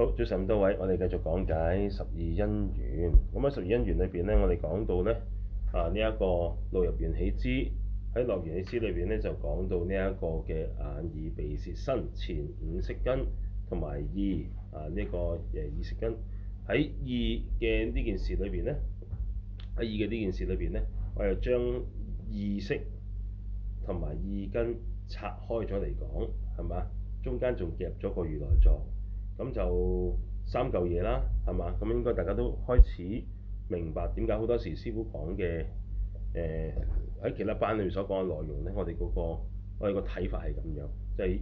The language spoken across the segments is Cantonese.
好，早晨咁多位，我哋繼續講解十二因緣。咁喺十二因緣裏邊咧，我哋講到咧啊、這個、呢一個六入緣起支。喺六入緣起支裏邊咧，就講到呢一個嘅眼耳鼻舌身前五色根同埋意啊呢、這個誒意識根。喺意嘅呢件事裏邊咧，喺意嘅呢件事裏邊咧，我又將意識同埋意根拆開咗嚟講，係咪？中間仲夾咗個如來藏。咁就三嚿嘢啦，係嘛？咁應該大家都開始明白點解好多時師傅講嘅誒喺其他班裏所講嘅內容呢，我哋嗰、那個我哋個睇法係咁樣，就係、是、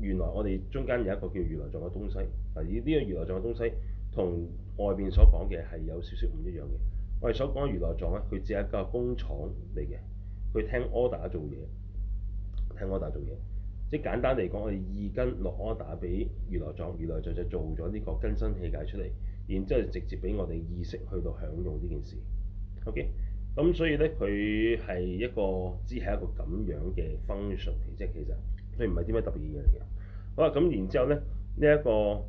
原來我哋中間有一個叫如來藏嘅東西。嗱，呢呢個如來藏嘅東西同外邊所講嘅係有少少唔一樣嘅。我哋所講嘅如來藏咧，佢只係一個工廠嚟嘅，佢聽 order 做嘢，聽 order 做嘢。即簡單嚟講，我哋意根落 order 俾如來藏，如來藏就做咗呢個更新器界出嚟，然之後直接俾我哋意識去到享用呢件事。OK，咁所以呢，佢係一個，只係一個咁樣嘅 function 嚟，即係其實佢唔係啲咩特別嘢嚟嘅。好啊，咁然之後呢，呢、這、一個誒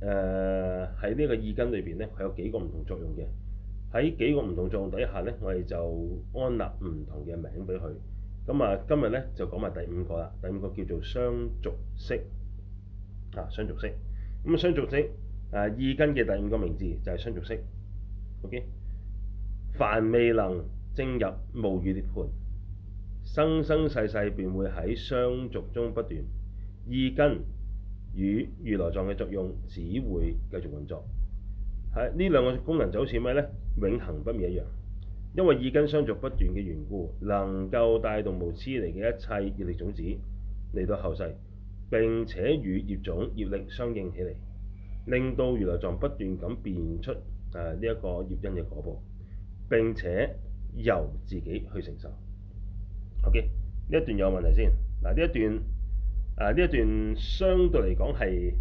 誒喺呢個意根裏邊呢，佢有幾個唔同作用嘅。喺幾個唔同作用底下呢，我哋就安立唔同嘅名俾佢。咁啊，今日咧就講埋第五個啦。第五個叫做相續識，啊相續識。咁啊，相續識啊意根嘅第五個名字就係相續識。OK，凡未能證入無餘涅槃，生生世世便會喺相續中不斷，意根與如來藏嘅作用，只會繼續運作。喺、啊、呢兩個功能就好似咩呢？永恆不滅一樣。因為意根相續不斷嘅緣故，能夠帶動無始嚟嘅一切業力種子嚟到後世，並且與業種業力相應起嚟，令到如來藏不斷咁變出誒呢一個業因嘅果報，並且由自己去承受。OK，呢一段有問題先。嗱、啊，呢一段呢一、啊、段相對嚟講係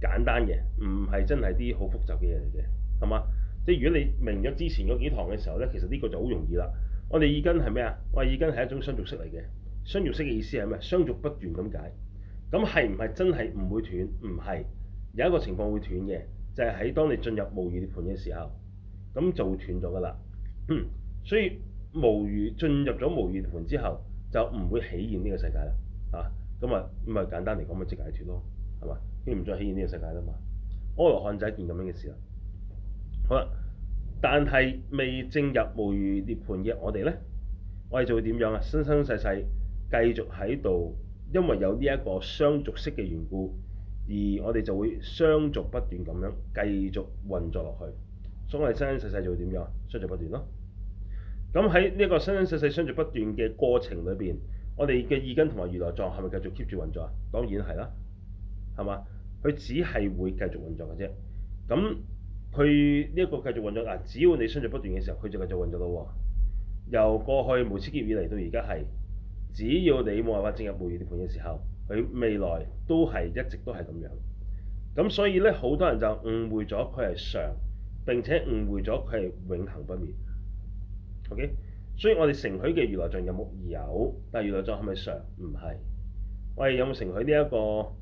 簡單嘅，唔係真係啲好複雜嘅嘢嚟嘅，係嘛？即係如果你明咗之前嗰幾堂嘅時候咧，其實呢個就好容易啦。我哋意根係咩啊？我哋意根係一種相續識嚟嘅。相續識嘅意思係咩？相續不斷咁解。咁係唔係真係唔會斷？唔係，有一個情況會斷嘅，就係、是、喺當你進入無餘盤嘅時候，咁就斷咗噶啦。嗯，所以無餘進入咗無餘盤之後，就唔會起現呢個世界啦。啊，咁啊，咁啊簡單嚟講，咪即解脫咯，係嘛？佢唔再起現呢個世界啦嘛。阿羅漢就係一件咁樣嘅事啦。好啦，但係未正入無餘涅槃嘅我哋呢，我哋就會點樣啊？生生世世繼續喺度，因為有呢一個相續識嘅緣故，而我哋就會相續不斷咁樣繼續運作落去。所以我哋生生世世就會點樣？相續不斷咯。咁喺呢一個生生世世相續不斷嘅過程裏邊，我哋嘅意根同埋如來藏係咪繼續 keep 住運作啊？當然係啦、啊，係嘛？佢只係會繼續運作嘅啫。咁。佢呢一個繼續運作啊！只要你相續不斷嘅時候，佢就繼續運作到喎。由過去無始劫以嚟到而家係，只要你冇辦法進入無餘涅槃嘅時候，佢未來都係一直都係咁樣。咁所以呢，好多人就誤會咗佢係常，並且誤會咗佢係永恆不滅。OK，所以我哋承許嘅如來藏有冇有，有？但係如來藏係咪常？唔係。我哋有冇承許呢一個誒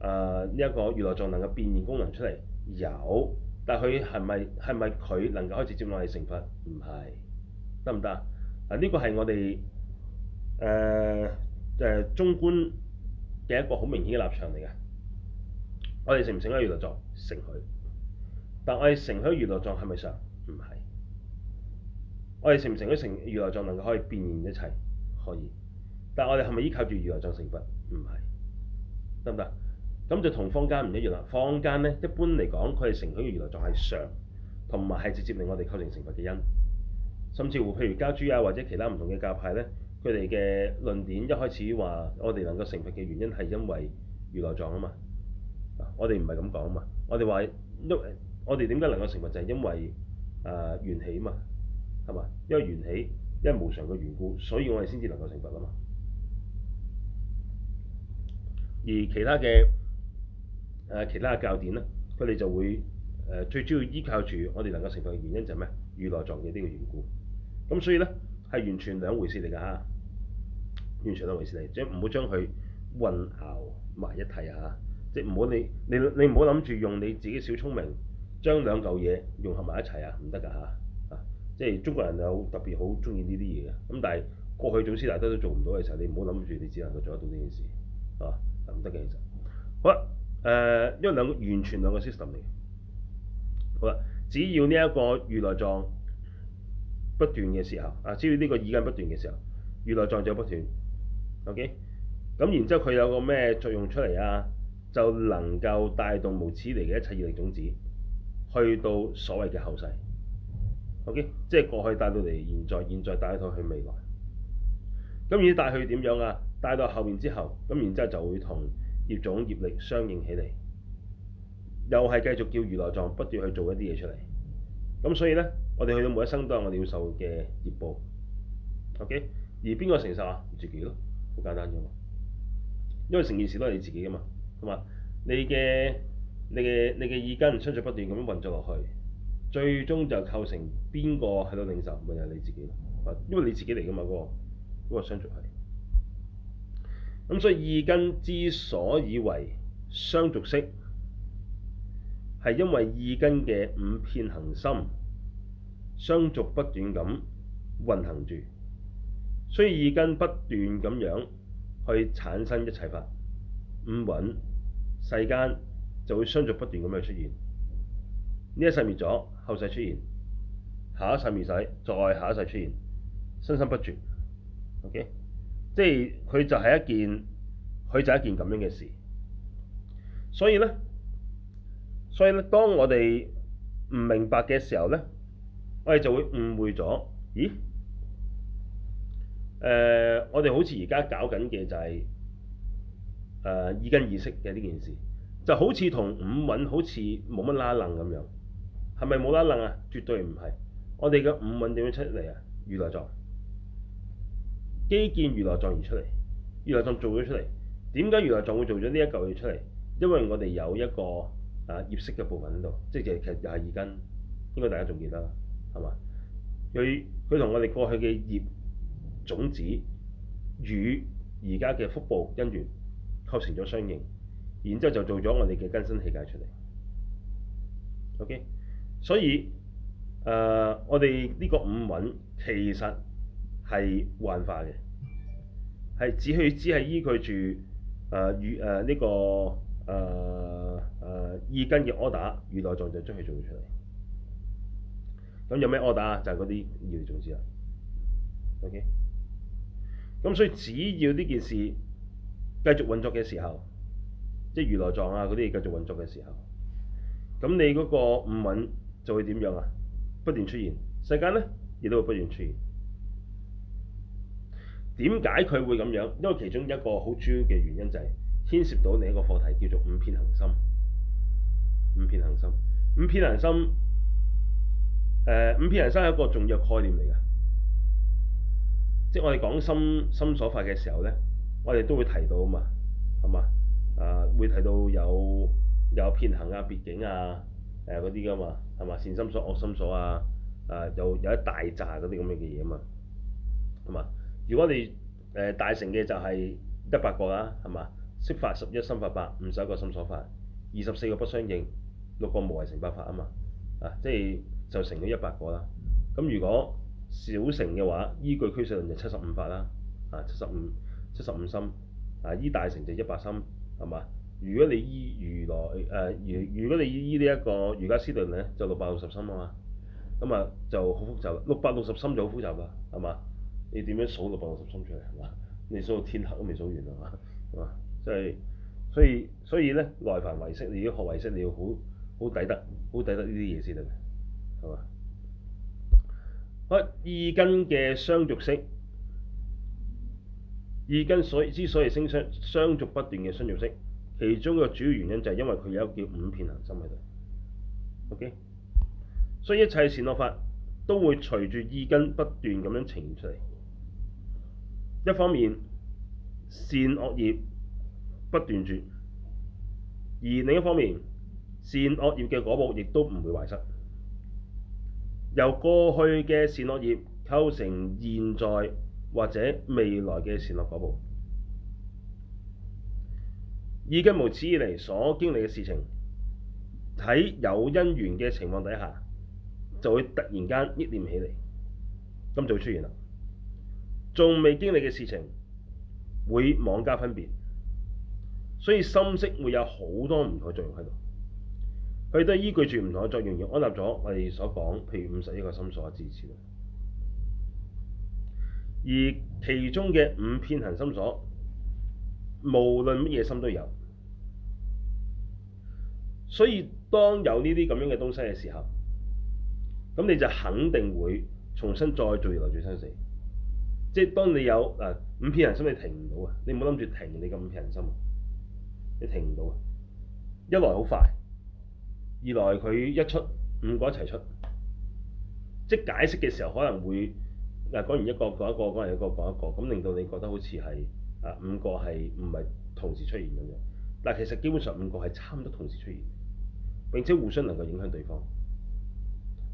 呢一個如來藏能夠變現功能出嚟？有。但佢係咪係咪佢能夠可以直接攞嚟成佛？唔係，得唔得啊？嗱，呢個係我哋誒誒中觀嘅一個好明顯嘅立場嚟嘅。我哋成唔成得如來藏？成佢。但我哋成唔成咗如來藏係咪相？唔係。我哋成唔成得成如來藏能夠可以變現一切？可以。但我哋係咪依靠住如來藏成佛？唔係，得唔得？咁就同坊間唔一樣啦。坊間咧，一般嚟講，佢係承許如來藏係常，同埋係直接令我哋構成成佛嘅因。甚至乎，譬如家豬啊，或者其他唔同嘅教派咧，佢哋嘅論點一開始話我哋能夠成佛嘅原因係因為如來藏啊嘛。我哋唔係咁講啊嘛。我哋話，因為我哋點解能夠成佛就係因為啊、呃、緣起啊嘛，係嘛？因為緣起，因為無常嘅緣故，所以我哋先至能夠成佛啊嘛。而其他嘅。誒，其他嘅教典咧，佢哋就會誒、呃、最主要依靠住我哋能夠成佛嘅原因就係咩？如來藏嘅呢個緣故。咁所以咧，係完全兩回事嚟㗎嚇，完全兩回事嚟，將唔好將佢混淆埋一體嚇、啊，即係唔好你你你唔好諗住用你自己小聰明將兩嚿嘢融合埋一齊啊，唔得㗎嚇啊！即係中國人就好特別好中意呢啲嘢嘅，咁、啊、但係過去祖師大德都做唔到嘅時候，你唔好諗住你只能夠做得到呢件事啊，唔得嘅，其實好啦。好。誒，因為兩個完全兩個 system 嚟嘅，好啦，只要呢一個如來藏不斷嘅時候，啊，至於呢個意根不斷嘅時候，如來藏就不斷，OK，咁然之後佢有個咩作用出嚟啊？就能夠帶動無始以來嘅一切業力種子，去到所謂嘅後世，OK，即係過去帶到嚟現在，現在帶到去未來，咁而帶去點樣啊？帶到後面之後，咁然之後就會同業種業力相應起嚟，又係繼續叫如來藏不斷去做一啲嘢出嚟，咁所以呢，我哋去到每一生都係我哋要受嘅業報，OK？而邊個承受啊？自己咯，好簡單啫嘛。因為成件事都係你自己噶嘛，同埋你嘅你嘅你嘅意根相續不斷咁樣運作落去，最終就構成邊個喺度領受？咪就係、是、你自己咯，因為你自己嚟噶嘛嗰、那個嗰、那個相續係。咁所以意根之所以為相續識，係因為意根嘅五遍行心相續不斷咁運行住，所以意根不斷咁樣去產生一切法，五蘊世間就會相續不斷咁樣出現，呢一世滅咗，後世出現，下一世滅世，再下一世出現，生生不絕。OK。即係佢就係一件，佢就係一件咁樣嘅事。所以咧，所以咧，當我哋唔明白嘅時候咧，我哋就會誤會咗。咦？誒、呃，我哋好似而家搞緊嘅就係誒意根意識嘅呢件事，就好似同五蘊好似冇乜拉楞咁樣。係咪冇拉楞啊？絕對唔係。我哋嘅五蘊點樣出嚟啊？如來藏。基建娛樂狀現出嚟，娛樂狀做咗出嚟，點解娛樂狀會做咗呢一嚿嘢出嚟？因為我哋有一個啊業識嘅部分喺度，即係其實又係二根，應該大家仲記得啦，係嘛？佢，佢同我哋過去嘅業種子與而家嘅福報因緣構成咗相應，然之後就做咗我哋嘅根身器界出嚟。OK，所以誒、呃，我哋呢個五蘊其實～係幻化嘅，係只可只係依佢住誒與誒呢個誒誒二根嘅 o 打，如 e r 就將佢做咗出嚟。咁有咩 o 打？啊？就係嗰啲二類種子啦。OK，咁所以只要呢件事繼續運作嘅時候，即係與內臟啊嗰啲繼續運作嘅時候，咁你嗰個唔穩就會點樣啊？不斷出現，世界咧亦都會不斷出現。點解佢會咁樣？因為其中一個好主要嘅原因就係牽涉到另一個課題，叫做五遍行心。五遍行心，五遍行心，誒五遍行心係、呃、一個重要概念嚟㗎。即係我哋講心心所法嘅時候咧，我哋都會提到嘛，係嘛？啊、呃，會提到有有遍行啊、別境啊，誒嗰啲㗎嘛，係嘛？善心所、惡心所啊，啊、呃、有有一大扎嗰啲咁嘅嘢嘛，係嘛？如果你誒大乘嘅就係一百個啦，係嘛？色法十一心法八，五十一個心所法，二十四個不相應，六個無為成百法啊嘛，啊即係就成咗一百個啦。咁如果小乘嘅話，依據俱舍論就七十五法啦，啊七十五七十五心，啊依大乘就一百心，係嘛？如果你依如來誒、啊、如如果你依呢一個瑜伽師論咧，就六百六十心啊嘛，咁啊就好複雜，六百六十心就好複雜啦，係嘛？你點樣數到百六十三出嚟，係嘛？你數到天黑都未數完係嘛？係嘛？即、就、係、是、所以所以咧，內凡唯識，你要果學唯識，你要好好抵得，好抵得呢啲嘢先得，係嘛？好，意根嘅相續識，意根所之所以升上相續不斷嘅相續識，其中嘅主要原因就係因為佢有一個叫五遍行心喺度。OK，所以一切善惡法都會隨住意根不斷咁樣呈現出嚟。一方面善惡業不斷絕，而另一方面善惡業嘅果報亦都唔會壞失，由過去嘅善惡業構成現在或者未來嘅善惡果報，已經無始以嚟所經歷嘅事情喺有因緣嘅情況底下，就會突然間憶念起嚟，咁就會出現啦。仲未經歷嘅事情，會妄加分別，所以心識會有好多唔同嘅作用喺度。佢都係依據住唔同嘅作用而安立咗我哋所講，譬如五十一個心所之次。而其中嘅五遍行心所，無論乜嘢心都有。所以當有呢啲咁樣嘅東西嘅時候，咁你就肯定會重新再做由來生死。即係當你有誒、啊、五,五遍行心，你停唔到啊！你唔好諗住停，你嘅五遍行心，你停唔到啊！一來好快，二來佢一出五個一齊出，即係解釋嘅時候可能會誒講、啊、完一個講一個，講完一個講一個，咁令到你覺得好似係啊五個係唔係同時出現咁樣？但係其實基本上五個係差唔多同時出現，並且互相能夠影響對方，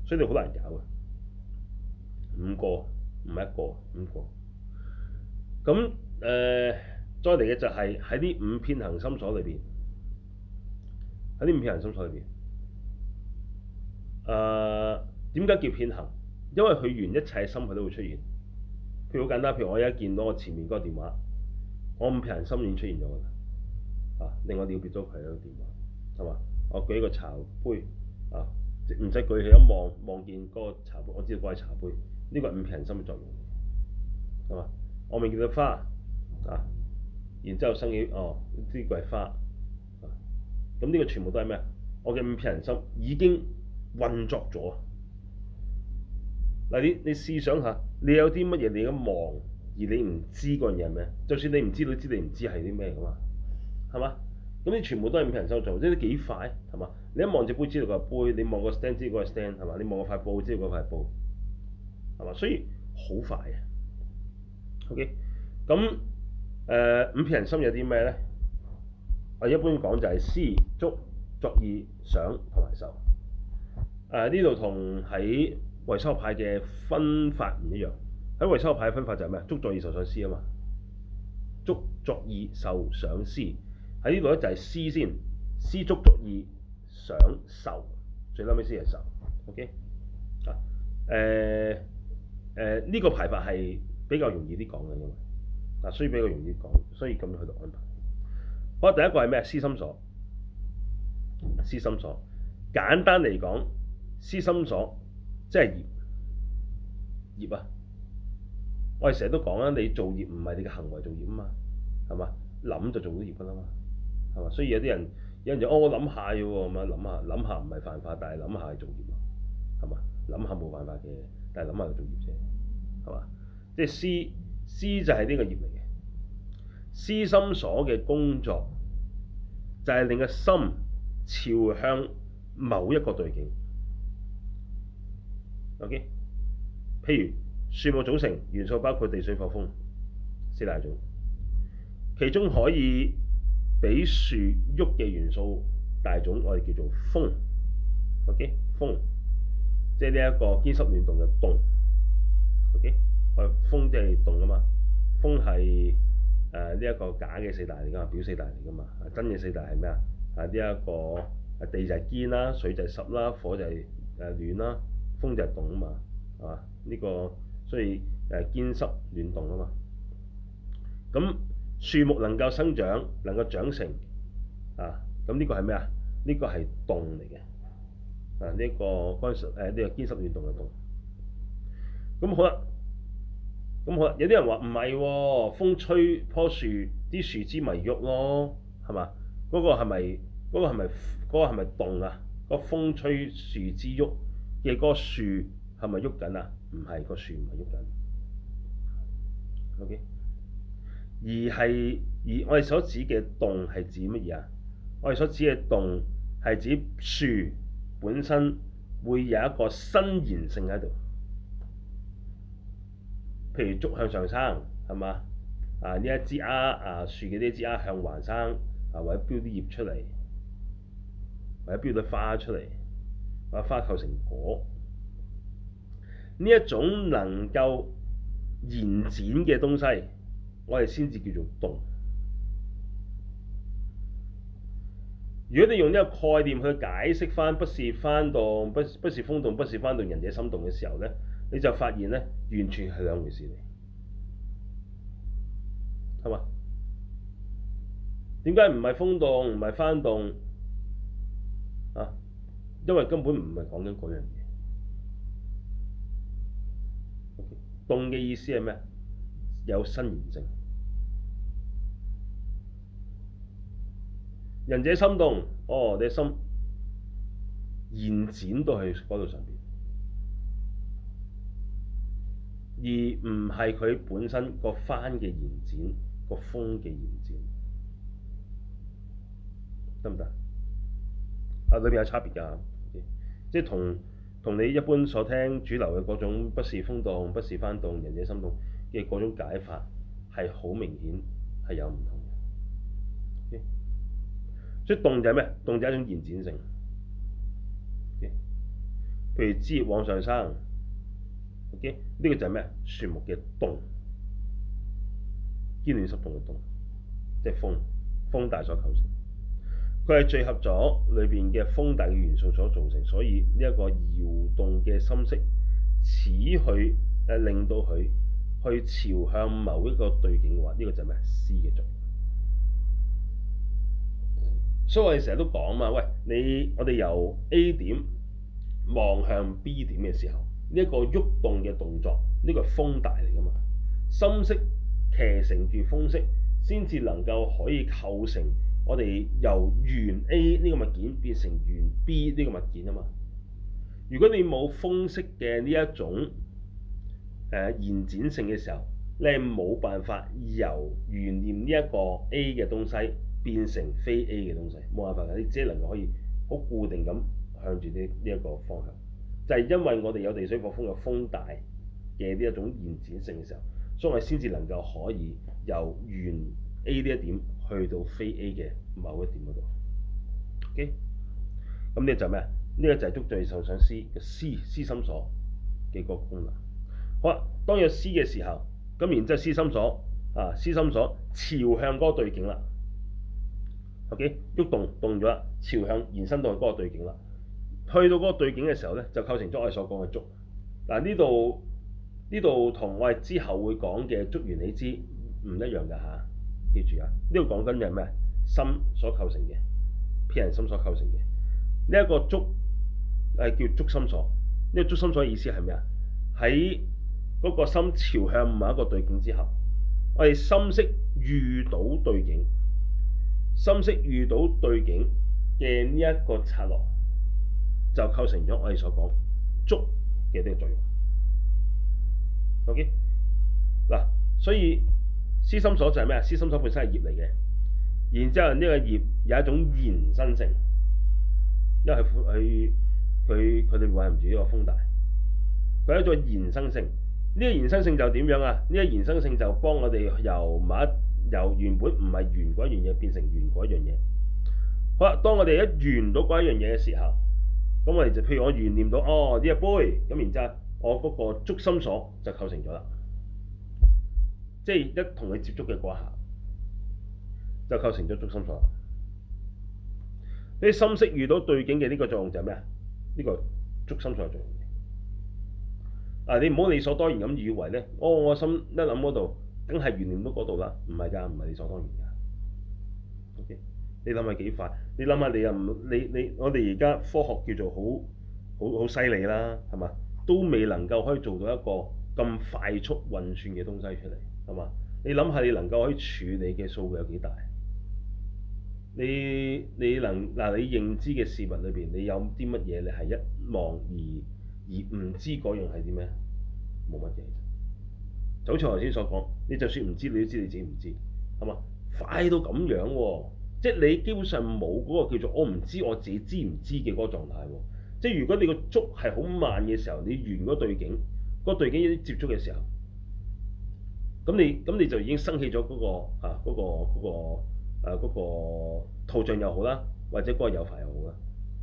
所以你好難搞啊！五個。唔係一個，五個。咁誒、呃，再嚟嘅就係喺啲五遍行心所裏邊，喺啲五遍行心所裏邊，誒點解叫遍行？因為佢完一切心佢都會出現。譬如好簡單，譬如我而家見到我前面嗰個電話，我五遍行心已經出現咗㗎啦。啊，令我了別咗佢呢個電話，係嘛？我舉一個茶杯啊，唔使舉起一望望見嗰個茶杯，我知道嗰係茶杯。呢個係五遍行心嘅作用，係嘛？我未見到花啊，然之後生起，哦，呢個係花啊。咁呢個全部都係咩？我嘅五遍行心已經運作咗嗱，你你試想下，你有啲乜嘢你一望，而你唔知嗰樣嘢係咩？就算你唔知，知你知你唔知係啲咩嘅嘛？係嘛？咁你全部都係五遍行心做，即係幾快，係嘛？你一望隻杯知道個杯，你望個 stand 知嗰個 stand，係嘛？你望個塊布知道嗰塊布。所以好快嘅，OK，咁誒、呃、五遍行心有啲咩咧？我一般講就係、是、思、觸、作意、想同埋受。誒呢度同喺唯識派嘅分法唔一樣。喺唯識派嘅分法就係咩啊？觸、作意受想思啊嘛，觸、作意受想思喺呢度咧就係思先，思觸、觸意想受，最嬲尾先係受，OK 啊誒。呃誒呢，呃這個排法係比較容易啲講嘅，因為嗱，所以比較容易講，所以咁樣去到安排。我第一個係咩？思心所，思心所。簡單嚟講，思心所即係業業啊！我哋成日都講啊，你做業唔係你嘅行為做業啊嘛，係嘛？諗就做到業噶啦嘛，係嘛？所以有啲人有人就哦，諗下要喎，咁樣諗下諗下唔係犯法，但係諗下係做業啊，係嘛？諗下冇辦法嘅。但係諗下做業啫，係嘛？即係思思就係呢個業嚟嘅。思心所嘅工作就係令個心朝向某一個對境。OK，譬如樹木組成元素包括地水火風四大種，其中可以畀樹喐嘅元素大種，我哋叫做風。OK，風。即係呢一個堅濕暖動嘅凍，OK，個風即係凍啊嘛，風係誒呢一個假嘅四大嚟㗎嘛，表四大嚟㗎嘛，真嘅四大係咩啊？係呢一個，地就係堅啦，水就係濕啦，火就係誒暖啦，風就係凍啊嘛，係嘛？呢個所以誒堅濕暖動啊嘛，咁樹木能夠生長，能夠長成啊，咁呢個係咩啊？呢個係凍嚟嘅。啊！呢，這個關誒，你，呃，話，這個，堅濕暖動嘅動咁好啦，咁好啦。有啲人話唔係風吹棵樹啲樹枝咪喐咯，係嘛？嗰，那個係咪，嗰個係咪，嗰個係咪，那個，動啊？嗰個風吹樹枝喐嘅，樹，個樹係咪喐緊啊？唔係，個樹唔係喐緊。O、okay? K，而係而我哋所指嘅動係指乜嘢啊？我哋所指嘅動係指樹。本身會有一個伸延性喺度，譬如竹向上生，係嘛？啊，呢一支啊，啊樹嘅呢支啊向橫生，啊或者標啲葉出嚟，或者標啲花出嚟，或者花構成果，呢一種能夠延展嘅東西，我哋先至叫做動。如果你用呢個概念去解釋翻不是翻動、不是不似風動、不是翻動仁者心動嘅時候咧，你就發現咧，完全係兩回事嚟，係嘛？點解唔係風動、唔係翻動啊？因為根本唔係講緊嗰樣嘢。動嘅意思係咩？有新原證。人者心動，哦，你心延展到去嗰度上邊，而唔係佢本身個翻嘅延展、個風嘅延展，得唔得？啊，裏邊有差別㗎，嗯，即係同同你一般所聽主流嘅嗰種不是風動、不是翻動、人者心動嘅嗰種解法係好明顯係有唔同。所以動就係咩？動就係一種延展性。譬、okay? 如枝葉往上生，OK，呢個就係咩？樹木嘅動，堅暖濕動嘅動，即、就、係、是、風，風大所構成。佢係聚合咗裏邊嘅風大嘅元素所造成，所以呢一個搖動嘅心識，使去誒令到佢去朝向某一個對境嘅話，呢、這個就係咩？思嘅作用。所以我哋成日都講嘛，喂，你我哋由 A 點望向 B 點嘅時候，呢、這、一個喐動嘅動作，呢、這個風大嚟噶嘛，心識騎乘住風息，先至能夠可以構成我哋由原 A 呢個物件變成原 B 呢個物件啊嘛。如果你冇風息嘅呢一種誒、呃、延展性嘅時候，你冇辦法由原念呢一個 A 嘅東西，變成非 A 嘅東西，冇辦法嘅，你只係能夠可以好固定咁向住呢呢一個方向，就係因為我哋有地水火風嘅風大嘅呢一種延展性嘅時候，所以我先至能夠可以由原 A 呢一點去到非 A 嘅某一點嗰度。OK，咁呢就咩啊？呢個就係捉住受想思嘅思思心所嘅嗰個功能。好啊，當有思嘅時候，咁然之後思心所啊，思心所朝向嗰個對境啦。OK，喐動動咗啦，朝向延伸到嗰個對境啦。去到嗰個對境嘅時候咧，就構成咗我哋所講嘅觸」。嗱，呢度呢度同我哋之後會講嘅觸緣理知唔一樣㗎嚇、啊。記住啊，呢度講緊嘅係咩啊？心所構成嘅，遍行心所構成嘅。呢、這、一個觸」係、啊、叫觸心所。呢、這個觸心所嘅意思係咩啊？喺嗰、那個心朝向唔某一個對境之後，我哋心識遇到對境。心識遇到對境嘅呢一個策落，就構成咗我哋所講觸嘅呢個作用。OK 嗱，所以思心所就係咩啊？思心所本身係業嚟嘅，然之後呢個業有一種延伸性，因為佢佢佢哋維係唔住呢個風大，佢有一種延伸性。呢、這個延伸性就點樣啊？呢、這個延伸性就幫我哋由某。由原本唔係緣嗰一樣嘢變成緣嗰一樣嘢。好啦，當我哋一緣到嗰一樣嘢嘅時候，咁我哋就譬如我緣念到哦呢一杯，咁然之後我嗰個觸心所就構成咗啦。即係一同你接觸嘅嗰下，就構成咗觸心所。你心識遇到對境嘅呢個作用就係咩啊？呢個觸心所嘅作用。啊，你唔好理所當然咁以為咧，哦，我心一諗嗰度。梗係完連都嗰度啦，唔係㗎，唔係理所當然㗎。O.K. 你諗下幾快？你諗下你又唔你你，你我哋而家科學叫做好好好犀利啦，係嘛？都未能夠可以做到一個咁快速運算嘅東西出嚟，係嘛？你諗下你能夠可以處理嘅數據有幾大？你，你能嗱，你認知嘅事物裏邊，你有啲乜嘢？你係一望而而唔知嗰樣係啲咩？冇乜嘢。就好似我頭先所講。你就算唔知，你都知你自己唔知，係嘛？快到咁樣喎，啊，即係你基本上冇嗰個叫做我唔知我自己知唔知嘅嗰個狀態喎。即係如果你個觸係好慢嘅時候，你緣嗰對境，嗰對境一啲接觸嘅時候，咁你咁你就已經生起咗嗰個啊嗰、嗰個嗰、嗰個誒、嗰個嗰個啊嗰個、圖像又好啦，或者嗰個有快又好啦，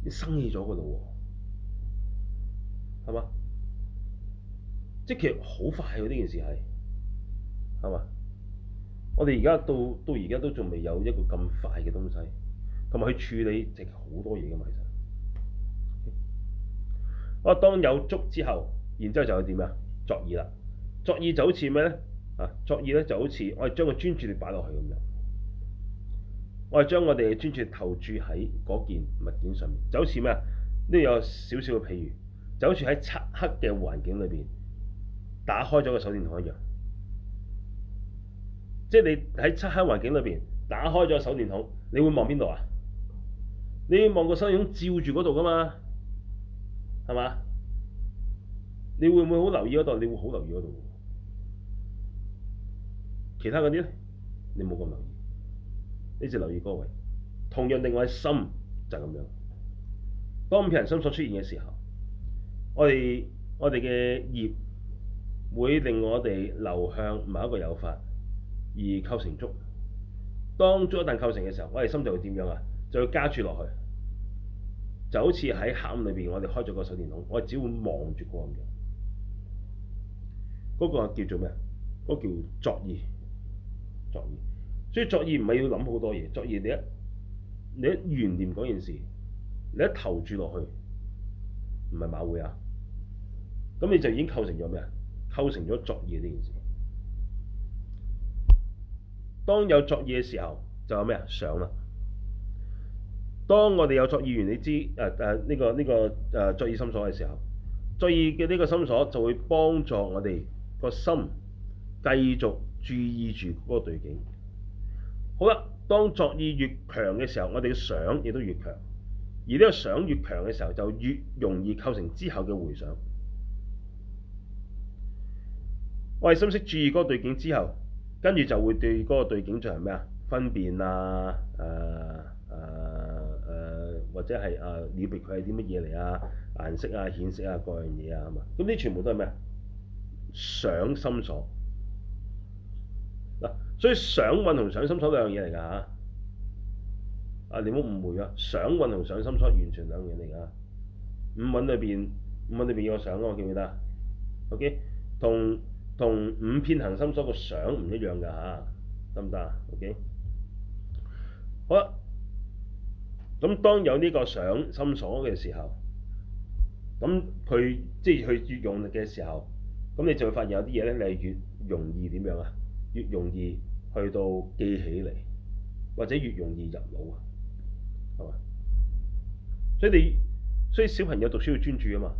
你生起咗嘅嘞喎，係嘛？即係其實好快嘅呢件事係。係嘛？我哋而家到到而家都仲未有一個咁快嘅東西，同埋佢處理直好多嘢嘅，其實。我、嗯、當有觸之後，然之後就去點啊？作意啦！作意就好似咩咧？啊，作意咧就好似我哋將個專注力擺落去咁樣。我哋將我哋嘅專注力投注喺嗰件物件上面，就好似咩啊？呢度有少少嘅譬如，就好似喺漆黑嘅環境裏邊，打開咗個手電筒一樣。即係你喺漆黑環境裏邊打開咗手電筒，你會望邊度啊？你望個手電筒照住嗰度㗎嘛，係嘛？你會唔會好留意嗰度？你會好留意嗰度。其他嗰啲咧，你冇咁留意。呢次留意嗰位，同樣令我嘅心就係咁樣。當遍行心所出現嘅時候，我哋我哋嘅業會，會令我哋流向某一個有法。而構成觸，當觸一旦構成嘅時候，我哋心就會點樣啊？就會加住落去，就好似喺黑暗裏邊，我哋開咗個手電筒，我哋只會望住嗰個咁樣，嗰、那個叫做咩啊？嗰、那個、叫作意，作意。所以作意唔係要諗好多嘢，作意你一你一緣念嗰件事，你一投注落去，唔係馬會啊，咁你就已經構成咗咩啊？構成咗作意呢件事。當有作意嘅時候，就有咩啊？想啦。當我哋有作意完，你知誒誒呢個呢、這個誒、呃、作意心所嘅時候，作意嘅呢個心所就會幫助我哋個心繼續注意住嗰個對境。好啦，當作意越強嘅時候，我哋嘅想亦都越強，而呢個想越強嘅時候，就越容易構成之後嘅回想。我哋心識注意嗰個對境之後。跟住就會對嗰個對境場咩啊？分辨啊，誒誒誒，或者係誒了別佢係啲乜嘢嚟啊？顏色啊、顯色啊、各樣嘢啊，咁啊，咁啲全部都係咩啊？想心所嗱，所以想蘊同想心所兩樣嘢嚟㗎嚇。啊，你唔好誤會啊，想蘊同想心所完全兩樣嘢嚟㗎。五蘊裏邊，五蘊裏邊有想啊，我記唔記得？OK，同。同五遍行心所嘅相唔一樣噶吓，得唔得啊？OK，好啦。咁當有呢個想心所嘅時候，咁佢即係佢越用力嘅時候，咁你就會發現有啲嘢咧，你越容易點樣啊？越容易去到記起嚟，或者越容易入腦啊？係嘛？所以你所以小朋友讀書要專注啊嘛，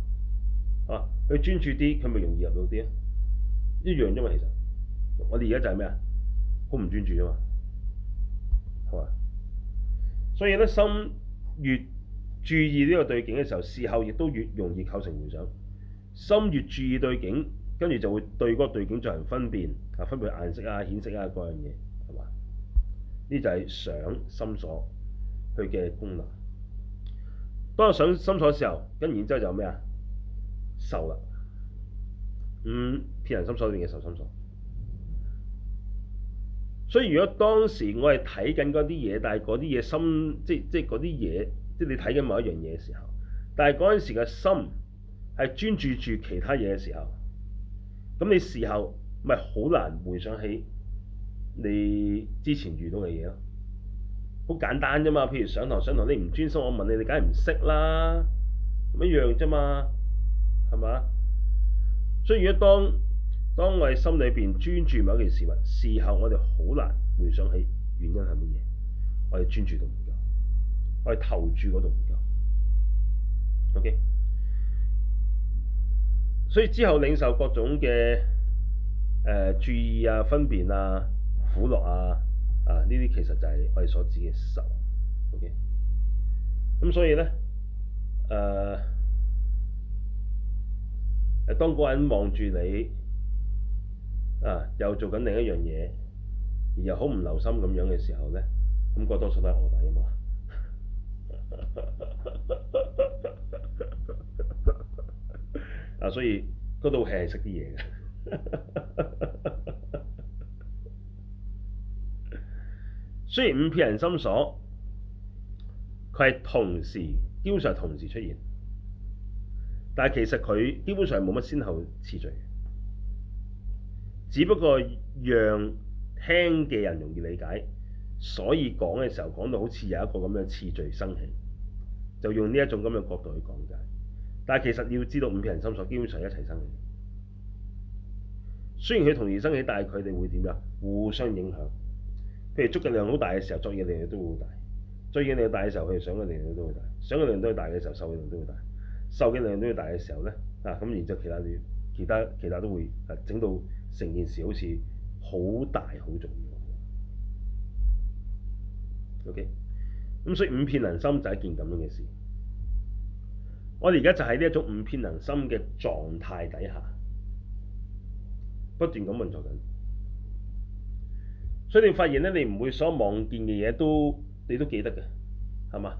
啊，佢專注啲，佢咪容易入到啲啊？一樣啫嘛，其實我哋而家就係咩啊？好唔專注啊嘛，係嘛？所以咧，心越注意呢個對境嘅時候，事後亦都越容易構成回想。心越注意對境，跟住就會對嗰個對境進行分辨啊，分辨顏色啊、顯色啊嗰樣嘢，係嘛？呢就係想心所佢嘅功能。當我想心所嘅時候，跟然之後就咩啊？受啦，嗯。遍行心所裡邊嘅受心所，所以如果當時我係睇緊嗰啲嘢，但係嗰啲嘢心，即係即係嗰啲嘢，即係你睇緊某一樣嘢嘅時候，但係嗰陣時嘅心係專注住其他嘢嘅時候，咁你事後咪好難回想起你之前遇到嘅嘢咯，好簡單啫嘛。譬如上堂上堂，你唔專心，我問你，你梗係唔識啦，咁一樣啫嘛，係嘛？所以如果當當我哋心裏邊專注某一件事物，事後我哋好難回想起原因係乜嘢。我哋專注度唔夠，我哋投注嗰度唔夠。OK，所以之後領受各種嘅誒、呃、注意啊、分辨啊、苦樂啊啊呢啲，呃、其實就係我哋所指嘅受。OK，咁所以咧誒、呃，當嗰人望住你。啊、又做緊另一樣嘢，而又好唔留心咁樣嘅時候呢，咁、那、過、個、多數都係卧底啊！ 啊，所以嗰度係識啲嘢嘅。 雖然五遍行心所，佢係同時基本上同時出現，但係其實佢基本上冇乜先後次序。只不過讓聽嘅人容易理解，所以講嘅時候講到好似有一個咁樣次序生起，就用呢一種咁嘅角度去講解。但係其實要知道五遍行心所基本上一齊生起。雖然佢同時生起，但係佢哋會點啊？互相影響。譬如觸嘅量好大嘅時候，作意量亦都好大；作意嘅量大嘅時候，佢哋想嘅量都好大；想嘅量都係大嘅時候，受嘅量都好大；受嘅量都係大嘅時候咧，啊咁然之後其他其他其他，其他都會啊整到。成件事好似好大好重要，OK，咁所以五遍行心就係一件咁樣嘅事。我哋而家就喺呢一種五遍行心嘅狀態底下，不斷咁運作緊。所以你發現咧，你唔會所望見嘅嘢都你都記得嘅，係嘛？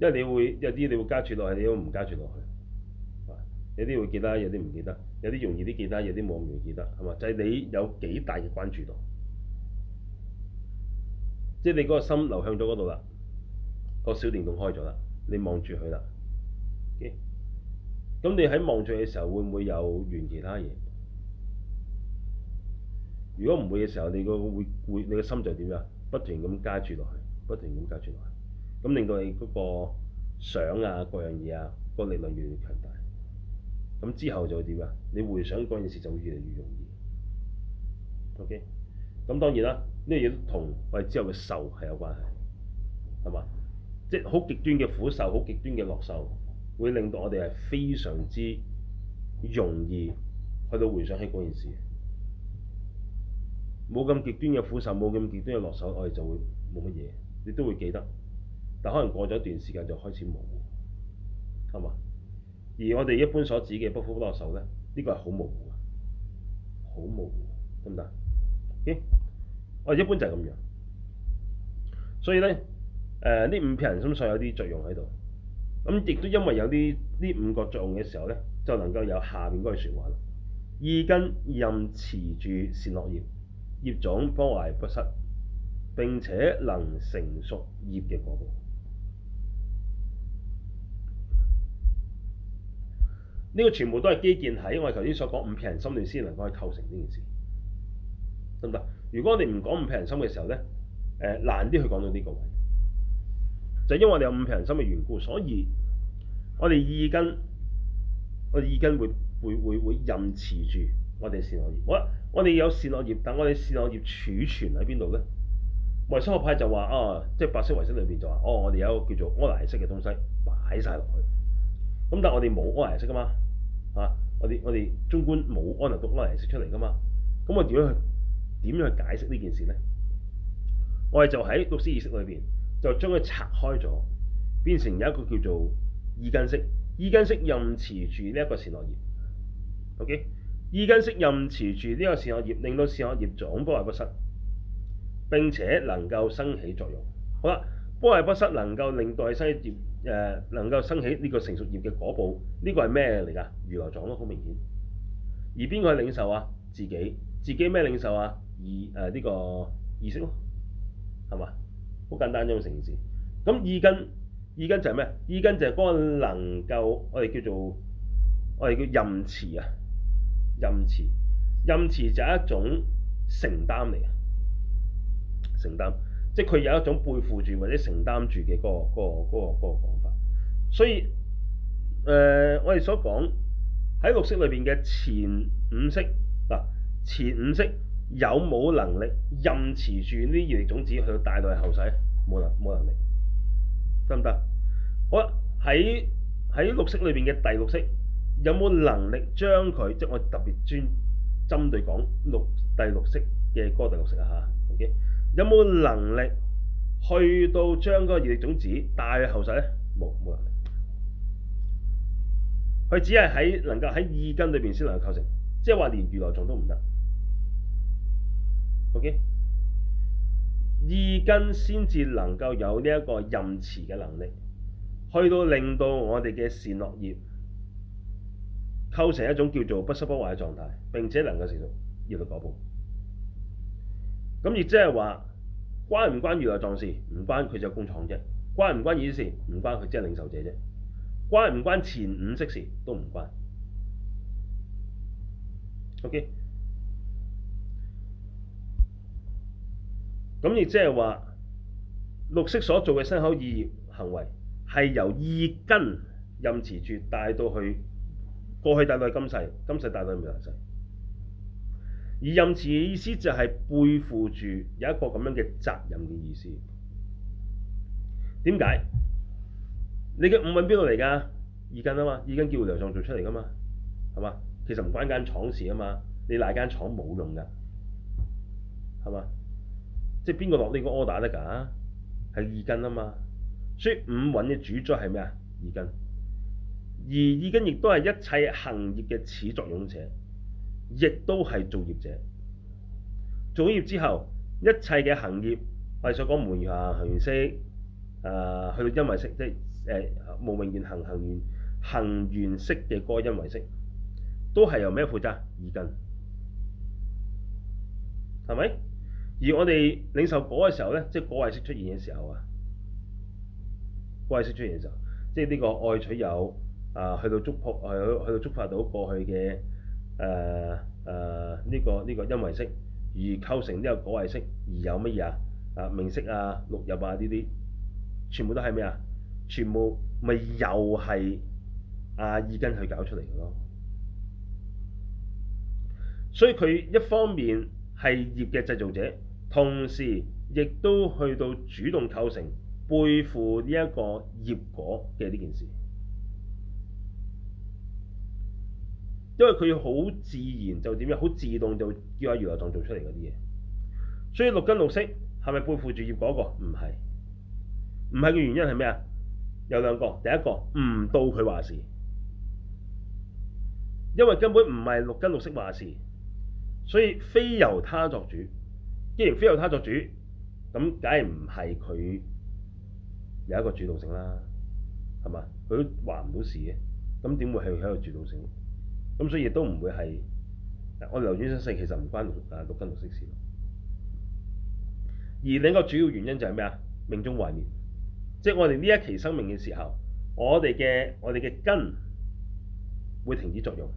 因為你會有啲你會加住落去，你啲唔加住落去，有啲會，會記得，有啲唔記得。有啲容易啲記得，有啲冇咁容易記得，係嘛？就係，是，你有幾大嘅關注度，即係你嗰個心流向咗嗰度啦，個小電動開咗啦，你望住佢啦，咁、okay? 你喺望住嘅時候會唔會有完其他嘢？如果唔會嘅時候，你個會會你嘅心就點樣？不斷咁加住落去，不斷咁加住落去，咁令到你嗰個想啊，各樣嘢啊，個力量越嚟越強大。咁之後就會點啊？你回想嗰件事就會越嚟越容易。OK，咁當然啦，呢個嘢同我哋之後嘅受係有關係，係嘛？即係好極端嘅苦受，好極端嘅樂受，會令到我哋係非常之容易去到回想起嗰件事。冇咁極端嘅苦受，冇咁極端嘅樂受，我哋就會冇乜嘢，你都會記得，但可能過咗一段時間就開始模糊，係嘛？而我哋一般所指嘅不苦、這個、不樂受咧，呢個係好模糊嘅，好模糊，得唔得？咦？我一般就係咁樣。所以咧，誒、呃，呢五遍行心所有啲作用喺度。咁亦都因為有啲呢五個作用嘅時候咧，就能夠有下面嗰句説話咯，意根任持住善惡業，業種不壞不失，並且能成熟業嘅果，果呢個全部都係基建喺，因為頭先所講五遍行心先能夠構成呢件事，得唔得？如果我哋唔講五遍行心嘅時候咧，誒難啲去講到呢個位，就因為我哋有五遍行心嘅緣故，所以我哋意根，我哋意根會會會會,會任持住我哋善惡業。我我哋有善惡業，但我哋善惡業儲存喺邊度咧？唯識學派就話啊，即係八識唯識裏邊就話、是，哦，我哋有一個叫做阿賴耶識嘅東西擺晒落去，咁但係我哋冇阿賴耶識啊嘛。啊！我哋我哋中觀冇安能讀開嚟解出嚟㗎嘛？咁我點樣點樣去解釋呢件事呢？我哋就喺讀書意識裏邊，就將佢拆開咗，變成有一個叫做意根識，意根識任持住呢一個善惡業。OK，意根識任持住呢個善惡業，令到善惡業種不壞不失，並且能夠生起作用。好啦，不壞不失能夠令代西業。誒能夠生起呢個成熟業嘅果報，呢個係咩嚟㗎？如來藏都好明顯。而邊個係領受啊？自己，自己咩領受啊？意、誒呢個意識咯，係嘛？好簡單一種成件事。咁意根，意根就係咩啊？意根就係嗰個能夠我哋叫做我哋叫任持啊，任持，任持就係一種承擔嚟啊，承擔，即係佢有一種背負住或者承擔住嘅嗰個嗰個嗰個。那個那個那個所以，誒、呃，我哋所講喺六識裏邊嘅前五識，嗱，前五識有冇能力任持住呢啲業力種子去到帶到後世？冇能冇能力，得唔得？好啦，喺喺六識裏邊嘅第六識，有冇能力將佢，即、就、係、是、我特別專針對講六第六識嘅嗰個第六識啊嚇，OK，有冇能力去到將嗰個業力種子帶去後世咧？冇冇能力。佢只係喺能夠喺意根裏邊先能夠構成，即係話連如來藏都唔得。OK，意根先至能夠有呢一個任持嘅能力，去到令到我哋嘅善惡業構成一種叫做不失不壞嘅狀態，並且能夠持續業果報。咁亦即係話，關唔關如來藏事？唔關，佢就工廠啫。關唔關意事？唔關，佢即係領受者啫。關唔關前五識事都唔關，OK。咁亦即係話，六識所做嘅身口意業行為，係由意根任持住帶到去過去，帶到去今世，今世帶到去未來世。而任持嘅意思就係背負住有一個咁樣嘅責任嘅意思。點解？你嘅五蘊邊度嚟㗎？意根啊嘛，意根叫如來藏做出嚟㗎嘛，係嘛？其實唔關間廠事啊嘛，你賴間廠冇用㗎，係嘛？即係邊個落呢個 order 得㗎？係意根啊嘛，所以五蘊嘅主宰係咩啊？意根，而意根亦都係一切行業嘅始作俑者，亦都係造業者。造業之後，一切嘅行業，我哋所講無明緣行、行緣識、呃，去到因位識即誒、呃、無明緣行行緣行緣識嘅個因位識，都係由咩負責？意根係咪？而我哋領受果嘅時候咧，即係果位識出現嘅時候啊，果位識出現嘅時候，即係呢個愛取有啊、呃，去到觸撲去去到觸發到觸過去嘅誒誒呢個呢、這個這個因位識，而構成呢個果位識。而有乜嘢、呃、啊？啊名色啊、六入啊呢啲，全部都係咩啊？全部咪又係阿二根去搞出嚟嘅咯，所以佢一方面係業嘅製造者，同時亦都去到主動構成背負呢一個業果嘅呢件事，因為佢好自然就點樣，好自動就叫阿魚來棟做出嚟嗰啲嘢，所以六根六識係咪背負住業果嘅？唔係，唔係嘅原因係咩啊？有兩個，第一個唔到佢話事，因為根本唔係六根六色話事，所以非由他作主。既然非由他作主，咁梗係唔係佢有一個主動性啦？係嘛？佢都話唔到事嘅，咁點會係佢一個主動性？咁所以亦都唔會係我哋流轉生死，其實唔關六根六色事。而另一個主要原因就係咩啊？命終滅壞。即我哋呢一期生命嘅時候，我哋嘅我哋嘅根會停止作用，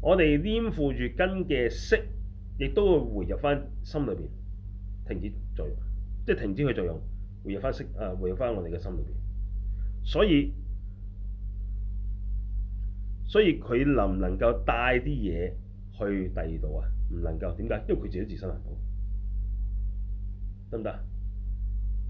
我哋黏附住根嘅色亦都會回入翻心裏邊停止作用，即係停止佢作用，回入翻色啊，回入翻我哋嘅心裏邊。所以所以佢能唔能夠帶啲嘢去第二度啊？唔能夠。點解？因為佢自己自身難保，得唔得？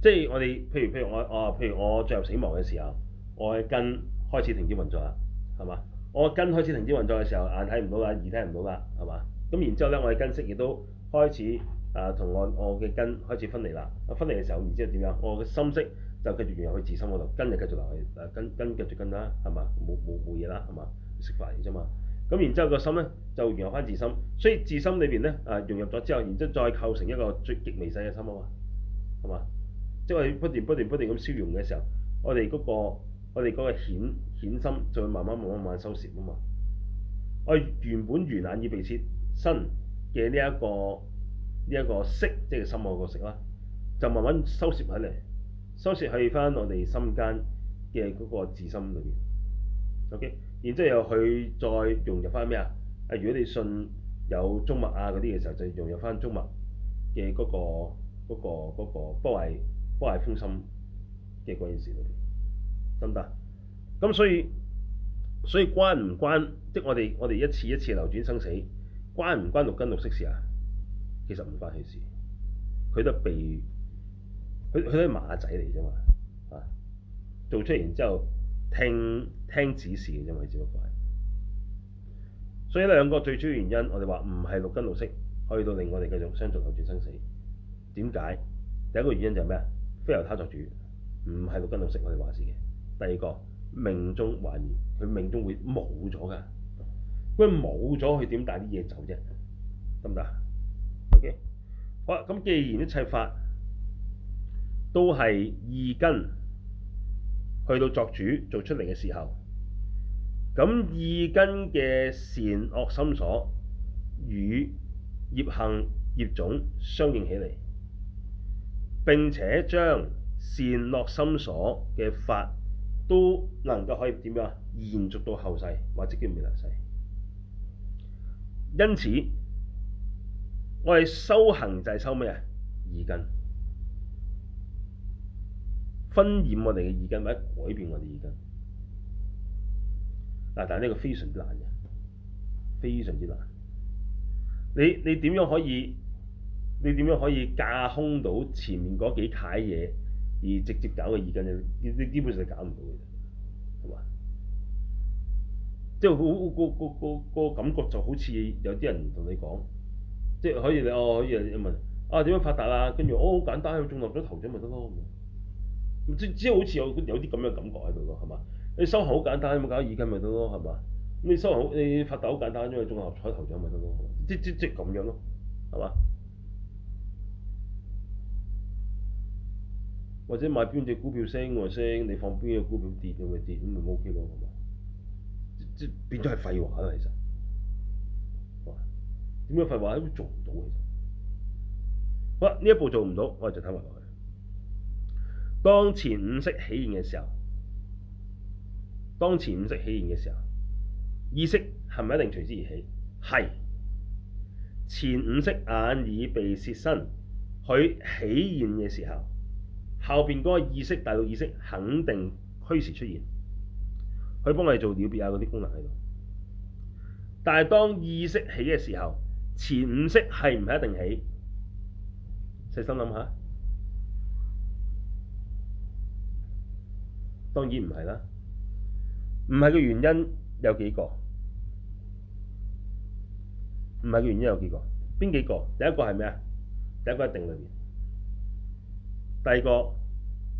即係我哋，譬如譬如我我啊，譬如我最後死亡嘅時候，我嘅根開始停止運作啦，係嘛？我嘅根開始停止運作嘅時候，眼睇唔到啦，耳聽唔到啦，係嘛？咁然之後咧，我嘅根色亦都開始啊，同我我嘅根開始分離啦。分離嘅時候唔知點樣，我嘅心色就繼續融入去自心嗰度，根就繼續留去，啊根根繼續根啦，係嘛？冇冇冇嘢啦，係嘛？識化嚟啫嘛。咁然之後個心咧就融入翻自心，所以自心裏邊咧啊融入咗之後，然之後再構成一個最極微細嘅心啊嘛，係嘛？即係不斷不斷不斷咁消融嘅時候，我哋嗰、嗰個我哋嗰個顯心就會慢慢慢慢慢收攝啊嘛。我原本如難易被切身嘅呢一個呢一、呢個色，即係心外個色啦，就慢慢收攝翻嚟，收攝翻我哋心間嘅嗰個自心裏邊。OK，然之後又佢再融入翻咩啊？啊，如果你信有中脈啊嗰啲嘅時候，就融入翻中脈嘅嗰個嗰、嗰個嗰、嗰個位。嗰個嗰個關係風心，嘅係嗰件事，嗰得唔得？咁所以所以，關唔關，即係我哋我哋一次一次流轉生死，關唔關六根六色事啊？其實唔關佢事，佢都係被佢佢啲馬仔嚟啫嘛，啊！做出嚟之後聽聽指示嘅，因為只不過係。所以兩個最主要原因，我哋話唔係六根六色可以到令我哋繼續相續流轉生死。點解？第一個原因就係咩啊？不由他作主，唔係六根六識我哋話事嘅。第二個命終懷疑，佢命終會冇咗噶，喂，冇咗，佢點帶啲嘢走啫？得唔得？OK，好啦，咁既然一切法都係意根去到作主做出嚟嘅時候，咁意根嘅善惡心所與業行業種相應起嚟。並且將善惡心所嘅法都能夠可以點樣延續到後世或者叫未來世。因此，我哋修行就係修咩啊？意根，熏染我哋嘅意根，或者改變我哋意根。嗱，但係呢個非常之難嘅，非常之難。你你點樣可以？你點樣可以架空到前面嗰幾攤嘢，而直接搞個意根，你你基本上搞唔到嘅，係嘛？即係好個個個個感覺就好似有啲人同你講，即係可以你哦，可以問啊點樣發達啊？跟住哦好簡單，去中六合彩頭獎咪得咯咁。即即、即係、好似有有啲咁嘅感覺喺度咯，係嘛？你修行好簡單，有冇搞意根咪得咯？係嘛？你修行好，你發達好簡單，因為中六合彩頭獎咪得咯，即即即咁樣咯，係嘛？或者買邊隻股票升，咪升；你放邊隻股票跌，咪跌，咁咪 O K 咯，係嘛？即變咗係廢話啦，其實哇，點樣廢話都做唔到。其實好啦，呢一步做唔到，我哋就睇埋落去。當前五識起現嘅時候，當前五識起現嘅時候，意識係咪一定隨之而起？係前五識眼耳鼻舌身，佢起現嘅時候。後邊嗰個意識，第六意識肯定俱時出現，佢可以幫我哋做了別啊嗰啲功能喺度。但係當意識起嘅時候，前五識係唔係一定起？細心諗下，當然唔係啦。唔係嘅原因有幾個？唔係嘅原因有幾個？邊幾個？第一個係咩啊？第一個定裏面。第二個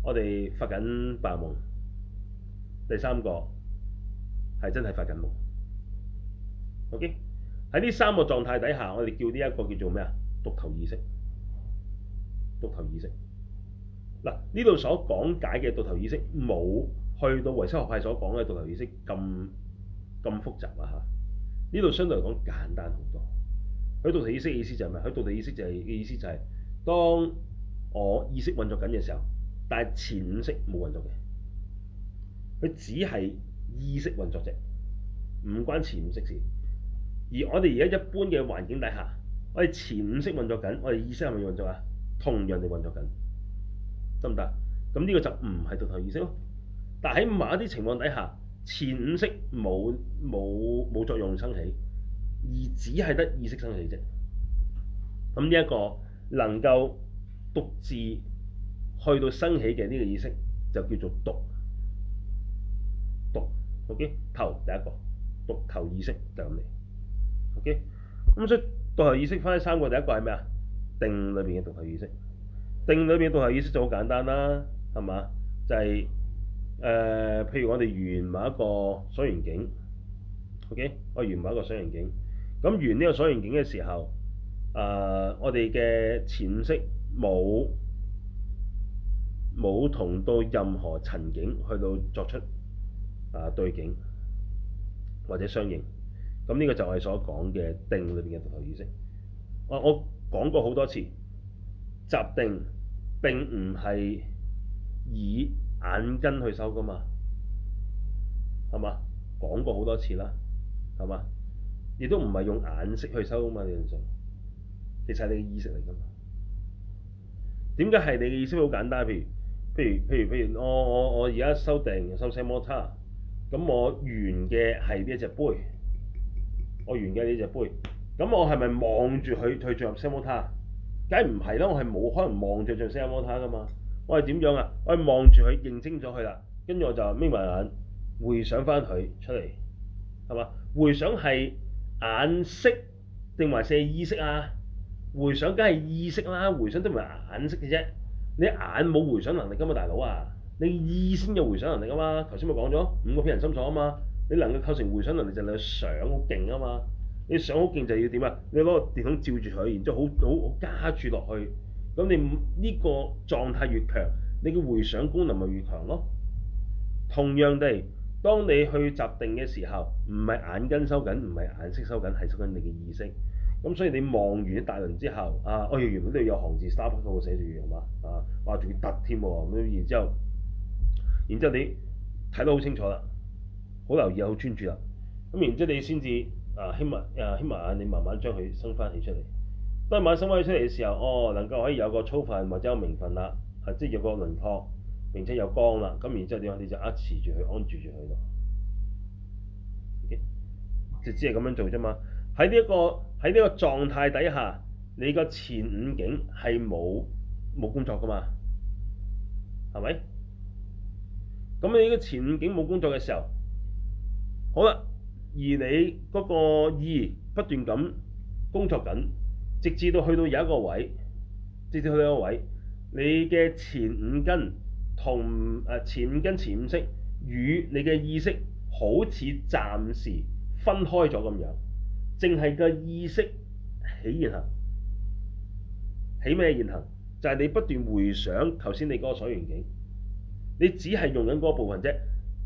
我哋發緊白夢，第三個係真係發緊夢。OK，喺呢三個狀態底下，我哋叫呢一個叫做咩啊？獨頭意識，獨頭意識。嗱，呢度所講解嘅獨頭意識冇去到唯識學派所講嘅獨頭意識咁咁複雜啊！吓，呢度相對嚟講簡單好多。佢獨頭意識意思就係咩？佢獨頭意識就係嘅意思就係、是、當。我意識運作緊嘅時候，但係前五識冇運作嘅，佢只係意識運作啫，唔關前五識事。而我哋而家一般嘅環境底下，我哋前五識運作緊，我哋意識係咪運作啊？同樣地運作緊，得唔得？咁呢個就唔係獨頭意識咯。但喺某一啲情況底下，前五識冇冇冇作用生起，而只係得意識生起啫。咁呢一個能夠獨自去到生起嘅呢個,意,、okay? 個意識，就叫做獨獨。OK，頭第一個獨頭意識就咁嚟。OK，咁所以獨頭意識分開三個，第一個係咩啊？定裏邊嘅獨頭意識，定裏邊嘅獨頭意識就好簡單啦，係嘛？就係、是、誒、呃，譬如我哋緣某一個所緣境。OK，我緣某一個所緣境，咁緣呢個所緣境嘅時候，誒、呃，我哋嘅潛色。冇冇同到任何塵境去到作出啊對境或者相應，咁呢個就係所講嘅定裏邊嘅獨頭意識。啊、我我講過好多次，習定並唔係以眼根去收噶嘛，係嘛？講過好多次啦，係嘛？亦都唔係用眼識去收啊嘛，呢樣嘢。其實係你嘅意識嚟噶嘛。點解係你嘅意思好簡單？譬如譬如譬如譬如我我我而家收定收奢摩他咁我緣嘅係呢一隻杯，我緣嘅呢一隻杯，咁我係咪望住佢去進入奢摩他？梗係唔係啦，我係冇可能望住進奢摩他噶嘛，我係點樣啊？我係望住佢認清咗佢啦，跟住我就眯埋眼回想翻佢出嚟，係嘛？回想係眼識定埋是，是，是意識啊？回想梗係意識啦，回想都唔係眼識嘅啫。你眼冇回想能力噶嘛，大佬啊！你意先有回想能力噶嘛。頭先咪講咗五個遍行心所啊嘛。你能夠構成回想能力就係你嘅想好勁啊嘛。你想好勁就要點啊？你攞個電筒照住佢，然之後好好加住落去。咁你呢個狀態越強，你嘅回想功能咪越強咯。同樣地，當你去集定嘅時候，唔係眼根收緊，唔係眼識收緊，係收緊你嘅意識。咁所以你望完一大輪之後，啊，我、哦、原本都要有行字、沙筆嗰度寫住係嘛，啊，話仲要突添咁，然之後，然之後你睇得好清楚啦，好留意好專注啦，咁然之後你先至啊，輕埋啊，輕埋眼，你慢慢將佢生翻起出嚟。當晚生翻起出嚟嘅時候，哦，能夠可以有個粗份或者有明份啦，即係有個輪廓，並且有光啦。咁然之後點？我你就啊，持住佢，安住住佢咯。Okay? 就只係咁樣做啫嘛。喺呢一個。喺呢個狀態底下，你，前你個前五境係冇冇工作噶嘛？係咪？咁你個前五境冇工作嘅時候，好啦，而你嗰個意不斷咁工作緊，直至到去到有一個位，直至去到一個位，你嘅前五根同誒前五根前五識與你嘅意識好似暫時分開咗咁樣。淨係個意識起現行，起咩現行？就係、是、你不斷回想頭先你嗰個所緣境。你只係用緊嗰部分啫。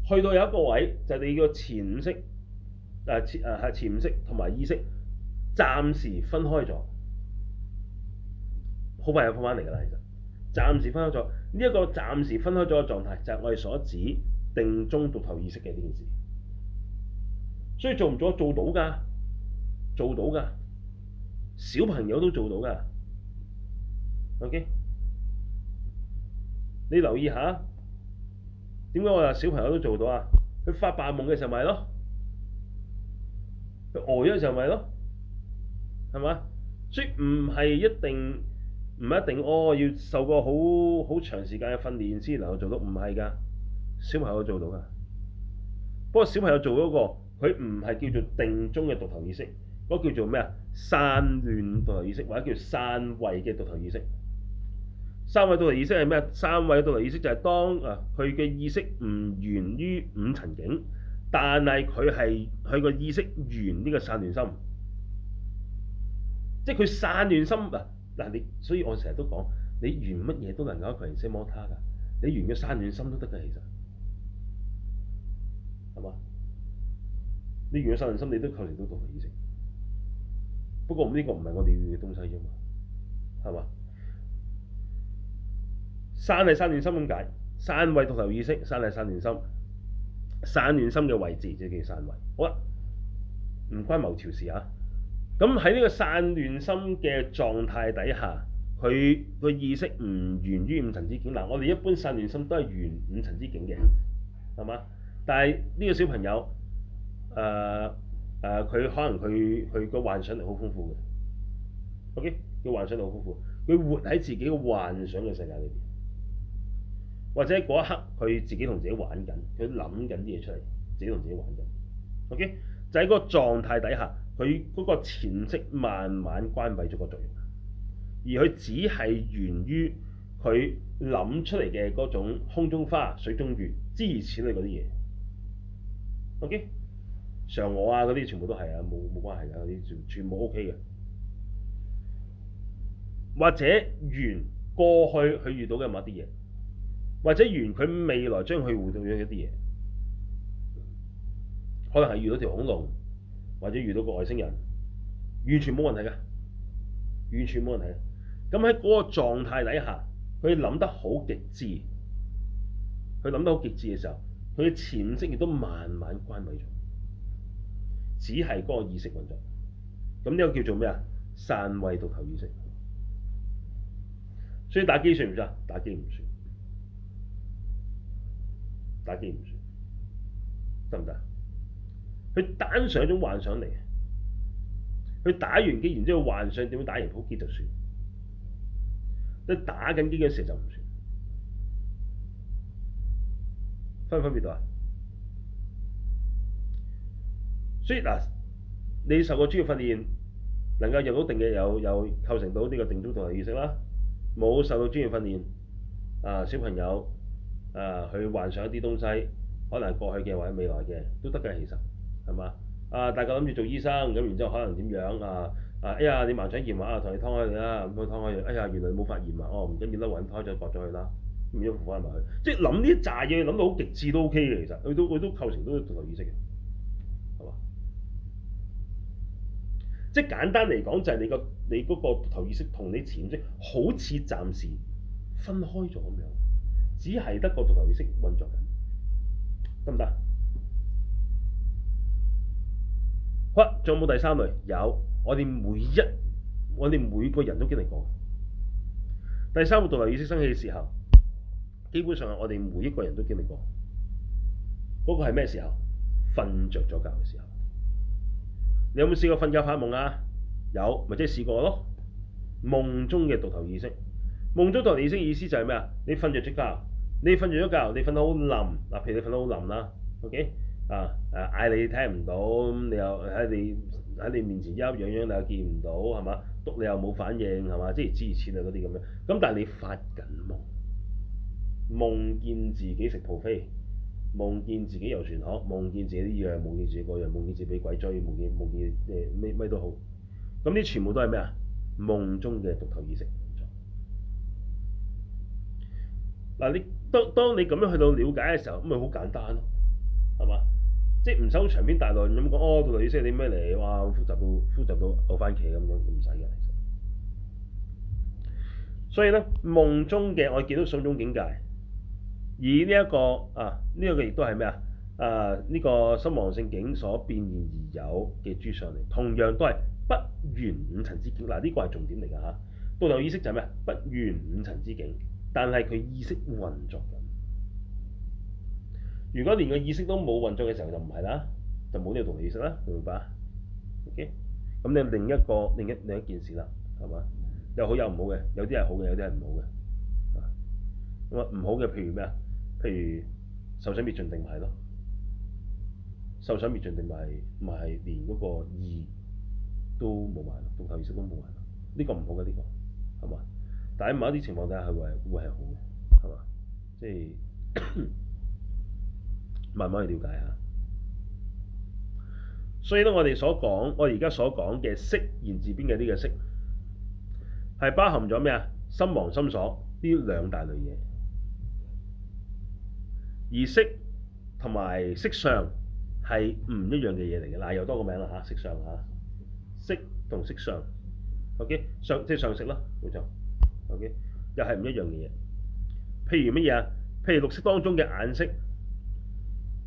去到有一個位，就係、你個前五識、呃呃、意識啊，前五識啊係同埋意識暫時分開咗，好快又返翻嚟㗎啦。其實暫時分開咗，呢一個暫時分開咗嘅狀態，就係我哋所指定中獨頭意識嘅呢件事。所以做唔做做到㗎、啊？做到噶，小朋友都做到噶，OK，你留意下，點解我話小朋友都做到啊？佢發白夢嘅時候咪咯，佢呆咗嘅時候咪咯，係咪？即唔係一定唔一定哦，要受過好好長時間嘅訓練先能夠做到。唔係噶，小朋友都做到噶，不過小朋友做到嗰個佢唔係叫做定中嘅獨頭意識。嗰叫做咩啊？散亂獨頭意識或者叫散位嘅獨頭意識。散位獨頭意識係咩啊？散位嘅獨頭意識就係當啊，佢嘅意識唔緣於五塵境，但係佢係佢個意識緣呢個散亂心。即係佢散亂心嗱嗱你，所以我成日都講你緣乜嘢都能夠構成一些魔他㗎。你緣嘅散亂心都得㗎，其實係嘛？你緣嘅散亂心，你都構成到獨頭意識。不過呢、這個唔係我哋要嘅東西啫嘛，係嘛？散係散亂心咁解，散位獨頭意識，散係散亂心，散亂心嘅位置就叫散位。好啦，唔關某朝事嚇、啊。咁喺呢個散亂心嘅狀態底下，佢個意識唔緣於五塵之境。嗱，我哋一般散亂心都係緣五塵之境嘅，係嘛？但係呢個小朋友，誒、呃。誒，佢可能佢佢個幻想力好豐富嘅，OK，佢幻想力好豐富，佢活喺自己嘅幻想嘅世界裏邊，或者嗰一刻佢自己同自己玩緊，佢諗緊啲嘢出嚟，自己同自己玩緊，OK，就喺嗰個狀態底下，佢嗰個潛意識慢慢關閉咗個作用，而佢只係緣於佢諗出嚟嘅嗰種空中花、水中月之類嗰啲嘢，OK。上我啊，嗰啲全部都係啊，冇冇關係啊，啲全全部 O K 嘅。或者原過去佢遇到嘅某啲嘢，或者原佢未來將佢回到嘅一啲嘢，可能係遇到條恐龍，或者遇到個外星人，完全冇問題嘅，完全冇問題嘅。咁喺嗰個狀態底下，佢諗得好極致，佢諗得好極致嘅時候，佢嘅潛意識亦都慢慢關閉咗。只係嗰個意識運作，咁呢個叫做咩啊？散位獨頭意識。所以打機算唔算啊？打機唔算，打機唔算，得唔得？佢單上一種幻想嚟，佢打完機然之後幻想點樣打贏鋪機就算，即打緊機嘅時就唔算。分唔分別到啊？所以嗱，你受過專業訓練，能夠入到定嘅有有構成到呢個定中獨頭意識啦。冇受到專業訓練，啊小朋友啊去幻想一啲東西，可能過去嘅或者未來嘅都得嘅其實，係嘛？啊大家諗住做醫生咁，然之後可能點樣啊？啊哎呀你盲腸炎話啊，同你劏開佢啦，咁佢劏開，哎呀，哎呀原來冇發炎啊，哦唔緊要啦，揾㓥咗搏咗佢啦，咁樣扶返埋去。即係諗呢一紮嘢，諗、就是、到好極致都 OK 嘅其實，佢都佢都構成都獨頭意識嘅。即係簡單嚟講，就係你個你嗰個獨頭意識同你潛識好似暫時分開咗咁樣，只係得個獨頭意識運作緊，得唔得？喂，仲有冇第三類？有，我哋每一我哋每個人都經歷過。第三個獨頭意識生起嘅時候，基本上我哋每一個人都經歷過。嗰、那個係咩時候？瞓着咗覺嘅時候。你有冇試過瞓覺發夢啊？有，咪即係試過咯。夢中嘅獨頭意識，夢中獨頭意識意思就係咩啊？你瞓着即覺，你瞓著咗覺，你瞓得好冧，嗱，譬如你瞓得好冧啦，OK 啊，誒，嗌你聽唔到，咁你又喺你喺你面前，一樣樣你又見唔到，係嘛？督你又冇反應，係嘛？即係諸如此類嗰啲咁樣。咁但係你發緊夢，夢見自己食泡芙。夢見自己遊船河，夢見自己啲樣，夢見自己個樣，夢見自己俾鬼追，夢見夢見誒咩咩都好，咁呢全部都係咩啊？夢中嘅獨頭意識。嗱、嗯，你當當你咁樣去到了解嘅時候，咁咪好簡單咯，係嘛？即係唔使好長篇大論咁講，哦，獨頭意識你咩嚟？哇，好複雜到複雜到牛番茄咁樣唔使嘅。其實所以咧，夢中嘅我見到種種境界。以呢一個啊，呢個亦都係咩啊？啊，呢、這個心王、啊這個、性境所變現而有嘅諸相嚟，同樣都係不緣五塵之境。嗱、啊，呢、這個係重點嚟㗎嚇。獨頭意識就係咩啊？不緣五塵之境，但係佢意識運作緊。如果連個意識都冇運作嘅時候，就唔係啦，就冇呢個獨頭意識啦，明白？O K，咁你有另一個另一另一件事啦，係嘛？有好有唔好嘅，有啲係好嘅，有啲係唔好嘅。咁啊，唔好嘅，譬如咩啊？譬如受想滅盡定咪係咯，受想滅盡定咪咪係連嗰個意都冇埋咯，獨頭意識都冇埋咯，呢個唔好嘅呢個係嘛。但喺某一啲情況底下係會會係好嘅係嘛？即係、就是、 慢慢去了解下。所以咧，我哋所講，我而家所講嘅識言字邊嘅呢個識，係包含咗咩啊？心王心所呢兩大類嘢。而色同埋色相係唔一樣嘅嘢嚟嘅，嗱又多個名啦嚇，色相嚇，色同色相，OK，相即係相色咯，冇錯，OK，又係唔一樣嘅嘢。譬如乜嘢啊？譬如綠色當中嘅眼識，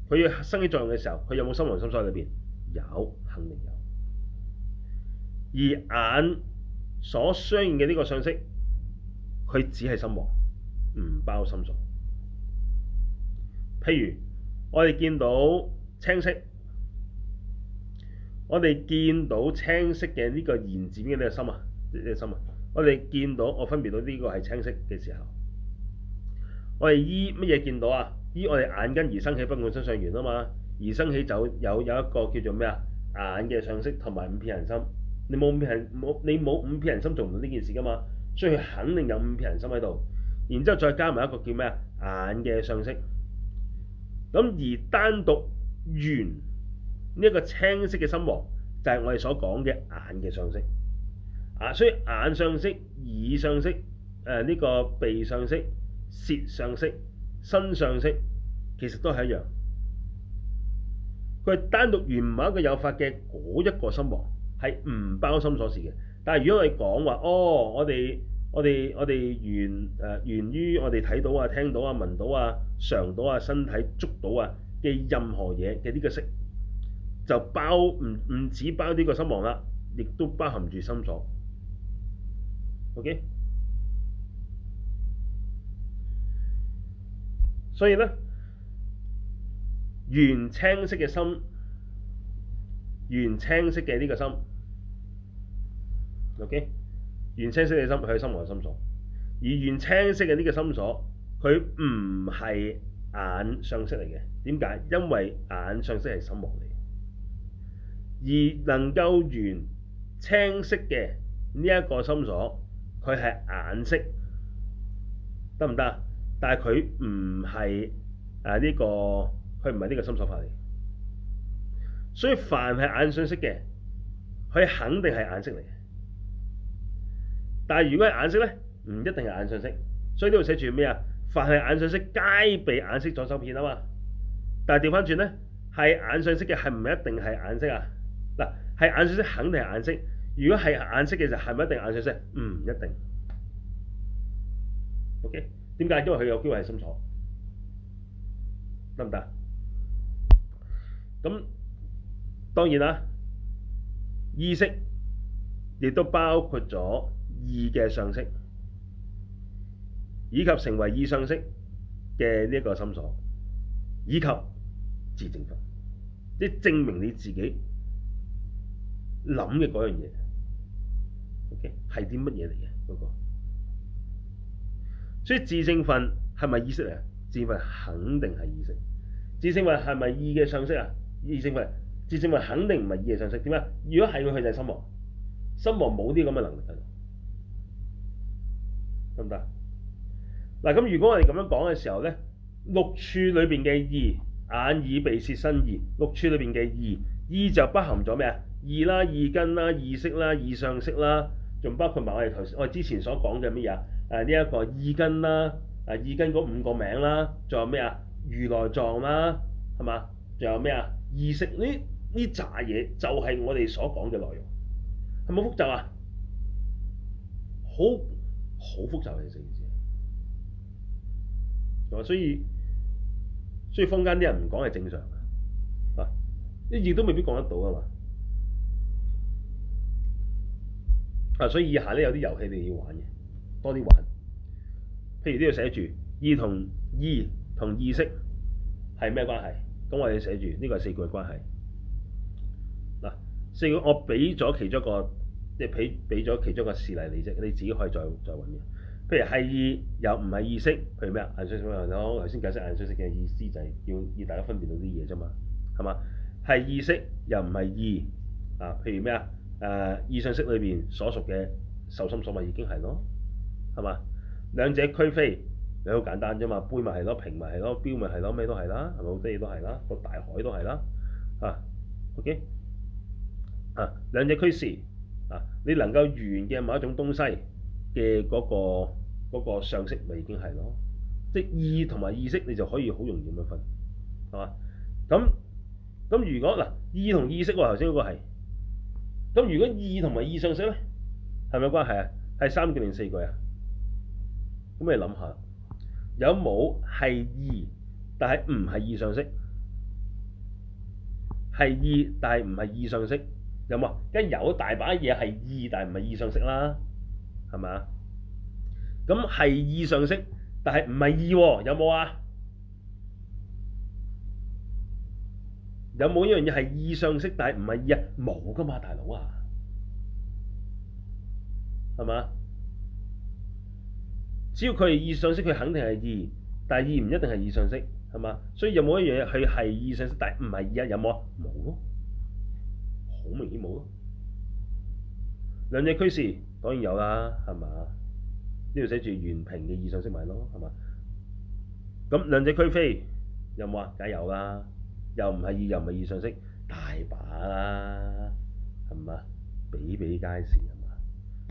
佢要生起作用嘅時候，佢有冇心王心所喺裏邊？有，肯定有。而眼所相應嘅呢個相識，佢只係心王，唔包心所。譬如我哋見到青色，我哋見到青色嘅呢個延展嘅呢個心啊，呢啲心啊，我哋見到我分別到呢個係青色嘅時候，我哋依乜嘢見到啊？依我哋眼根而生起不共增上緣啊嘛，而生起就有有一個叫做咩啊，眼嘅相識同埋五遍行心。你冇五遍行，冇你冇五遍行心做唔到呢件事噶嘛，所以肯定有五遍行心喺度，然之後再加埋一個叫咩啊，眼嘅相識。咁而單獨緣呢一個青色嘅心王，就係、是、我哋所講嘅眼嘅相識。啊，所以眼相識、耳相識、誒、呃、呢、這個鼻相識、舌相識、身相識，其實都係一樣。佢單獨緣某一個有法嘅嗰一個心王，係唔包心所視嘅。但係如果我哋講話，哦，我哋。我哋我哋緣，誒緣於我哋睇到啊、聽到啊、聞到啊、嘗到啊、身體捉到啊嘅任何嘢嘅呢個色，就包唔唔止包呢個心王啦，亦都包含住心所。OK，所以咧，緣青色嘅心，緣青色嘅呢個心。OK。緣青色嘅心，佢係心王嘅心所；而緣青色嘅呢個心所，佢唔係眼相識嚟嘅。點解？因為眼相識係心王嚟。而能夠緣青色嘅呢一個心所，佢係眼識，得唔得？但係佢唔係誒呢個，佢唔係呢個心所法嚟。所以凡係眼相識嘅，佢肯定係眼識嚟。但係如果係眼識咧，唔一定係眼相識。所以呢度寫住咩啊？凡係眼相識，皆被眼識所周遍啊嘛。但係調翻轉咧，係眼相識嘅係唔一定係眼識啊。嗱，係眼相識肯定係眼識。如果係眼識嘅就係唔一定眼相識，唔一定。OK，點解？因為佢有機會係心所，得唔得？咁當然啦，意識亦都包括咗。意嘅相識，以及成為意相識嘅呢一個心所，以及自證分，即係證明你自己諗嘅嗰樣嘢。OK，係啲乜嘢嚟嘅嗰個？所以自證分係咪意識嚟啊？自證分肯定係意識。自證分係咪意嘅相識啊？意證分，自證分肯定唔係意嘅相識。點啊？如果係佢，就係心王。心王冇啲咁嘅能力。得唔得？嗱，咁如果我哋咁樣講嘅時候咧，六處裏邊嘅意，眼耳鼻舌身意，六處裏邊嘅意，意就包含咗咩啊？意啦，意根啦，意識啦，意相識啦，仲包括埋我哋頭先我哋之前所講嘅咩嘢？誒、啊、呢、這、一個意根啦，誒，意根嗰五個名啦，仲有咩啊？如來藏啦，係嘛？仲有咩啊？意識呢呢紮嘢就係我哋所講嘅內容，係咪複雜啊？好。好複雜嘅政治，係所以所以坊間啲人唔講係正常嘅，啊，啲字都未必講得到啊嘛，啊，所以以下咧有啲遊戲你要玩嘅，多啲玩。譬如都要寫住意同意同意識係咩關係？咁我哋寫住呢個係四句關係。嗱，啊，四句我俾咗其中一個，即係俾俾咗其中一個事例嚟啫，你自己可以再再揾嘅。譬如係意，又唔係意識，譬如咩啊？眼相識咯。頭先解釋眼相識嘅意思就係要要大家分辨到啲嘢啫嘛，係嘛？係意識又唔係意。啊？譬如咩啊？誒，意相識裏邊所屬嘅受心所咪已經係咯，係嘛？兩者俱非你好簡單啫嘛，杯咪係咯，瓶咪係咯，錶咪係咯，咩都係啦，係咪好多嘢都係啦？個大海都係啦，啊，OK 啊，兩者俱是。啊！你能夠完嘅某一種東西嘅嗰、嗰個嗰、嗰個、相識咪已經係咯，即係意同埋意識你就可以好容易咁樣分，係嘛？咁咁如果嗱意同意識喎頭先嗰個係，咁如果意同埋意相識咧，係咪有關係啊？係三句定四句啊？咁你諗下，有冇係意但係唔係意相識？係意但係唔係意相識？有冇？一有大把嘢係意，但係唔係意相識啦，係咪啊？咁係意相識，但係唔係意喎，有冇啊？有冇一樣嘢係意相識，但係唔係意啊？冇噶嘛，大佬啊，係嘛？只要佢係意相識，佢肯定係意，但係意唔一定係意相識，係嘛？所以有冇一樣嘢佢係意相識，但係唔係意啊？有冇啊？冇咯。好明顯冇咯，兩者俱是當然有啦，係嘛？呢度寫住緣瓶嘅意相識咪咯，係嘛？咁兩者俱非有冇啊？梗係有啦，又唔係意又唔係意相識，大把啦，係嘛？比比皆是啊嘛。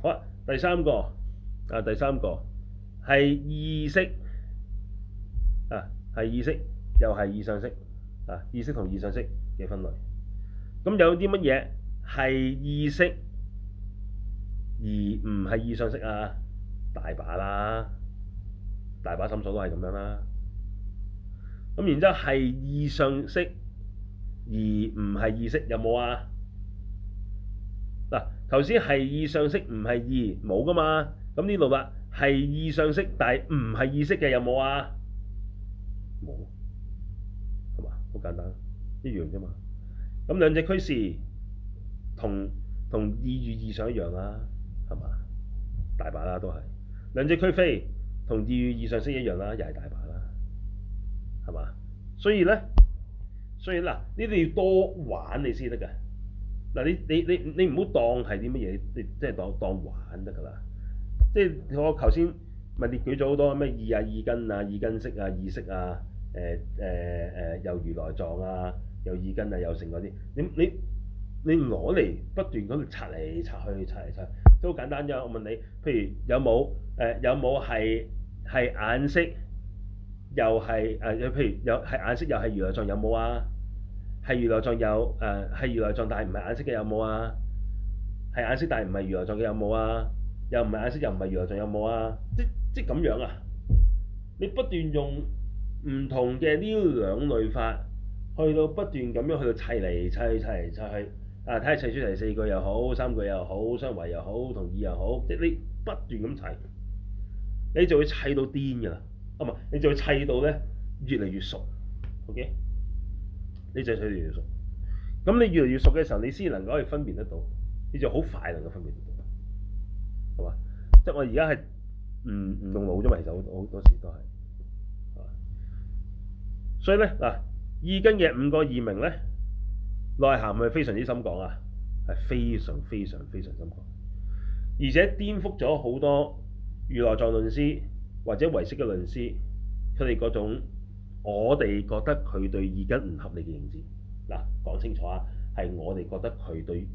好啊，第三個啊，第三個係意識啊，係意識又係意相識啊，意識同意相識嘅分類。咁有啲乜嘢係意識而唔係意相識啊？大把啦，大把心所都係咁樣啦。咁然之後係意相識而唔係意識有冇啊？嗱，頭先係意相識唔係意冇㗎嘛？咁呢度啦，係意相識但係唔係意識嘅有冇啊？冇，係嘛？好簡單，一樣啫嘛。咁兩者俱是同同意與意相一樣啦，係嘛？大把啦，都係兩者俱非同意與意相識一樣啦，又係大把啦，係嘛？所以咧，所以嗱，呢啲要多玩你先得㗎。嗱，你你你你唔好當係啲乜嘢，你即係當當當玩得噶啦。即係我頭先咪列舉咗好多咩意啊意根啊意根識啊意識啊，誒誒誒，魷魚內臟啊。有耳根啊，有剩嗰啲，你你你攞嚟不斷咁擦嚟擦去，擦嚟擦去，都好簡單啫。我問你，譬如有冇誒有冇係係眼色，又係誒、呃、譬如有係眼，啊呃眼啊，眼色，又係如來藏有冇啊？係如來藏有誒係如來藏，但係唔係眼色嘅有冇啊？係眼色但係唔係如來藏嘅有冇啊？又唔係眼色又唔係如來藏有冇啊？即即係咁樣啊？你不斷用唔同嘅呢兩類法。去到不斷咁樣，去到砌嚟砌去，砌嚟砌去，啊！睇下砌出嚟四句又好，三句又好，相違又好，同意又好，你你不斷咁砌，你就會砌到癲㗎啦。啊唔係，你就會砌到咧越嚟越熟。OK，你就越嚟越熟。咁你越嚟越熟嘅時候，你先能夠可以分辨得到，你就好快能夠分辨得到，好嘛？即係我、嗯嗯嗯、而家係唔唔用腦咗嘛？其實好多時都係、嗯，所以咧嗱。意根嘅五個異名咧，內涵係非常之深廣啊，係非常非常非常深廣，而且顛覆咗好多如來藏論師或者唯識嘅論師，佢哋嗰種我哋覺得佢對意根唔合理嘅認知。嗱，講清楚啊，係我哋覺得佢對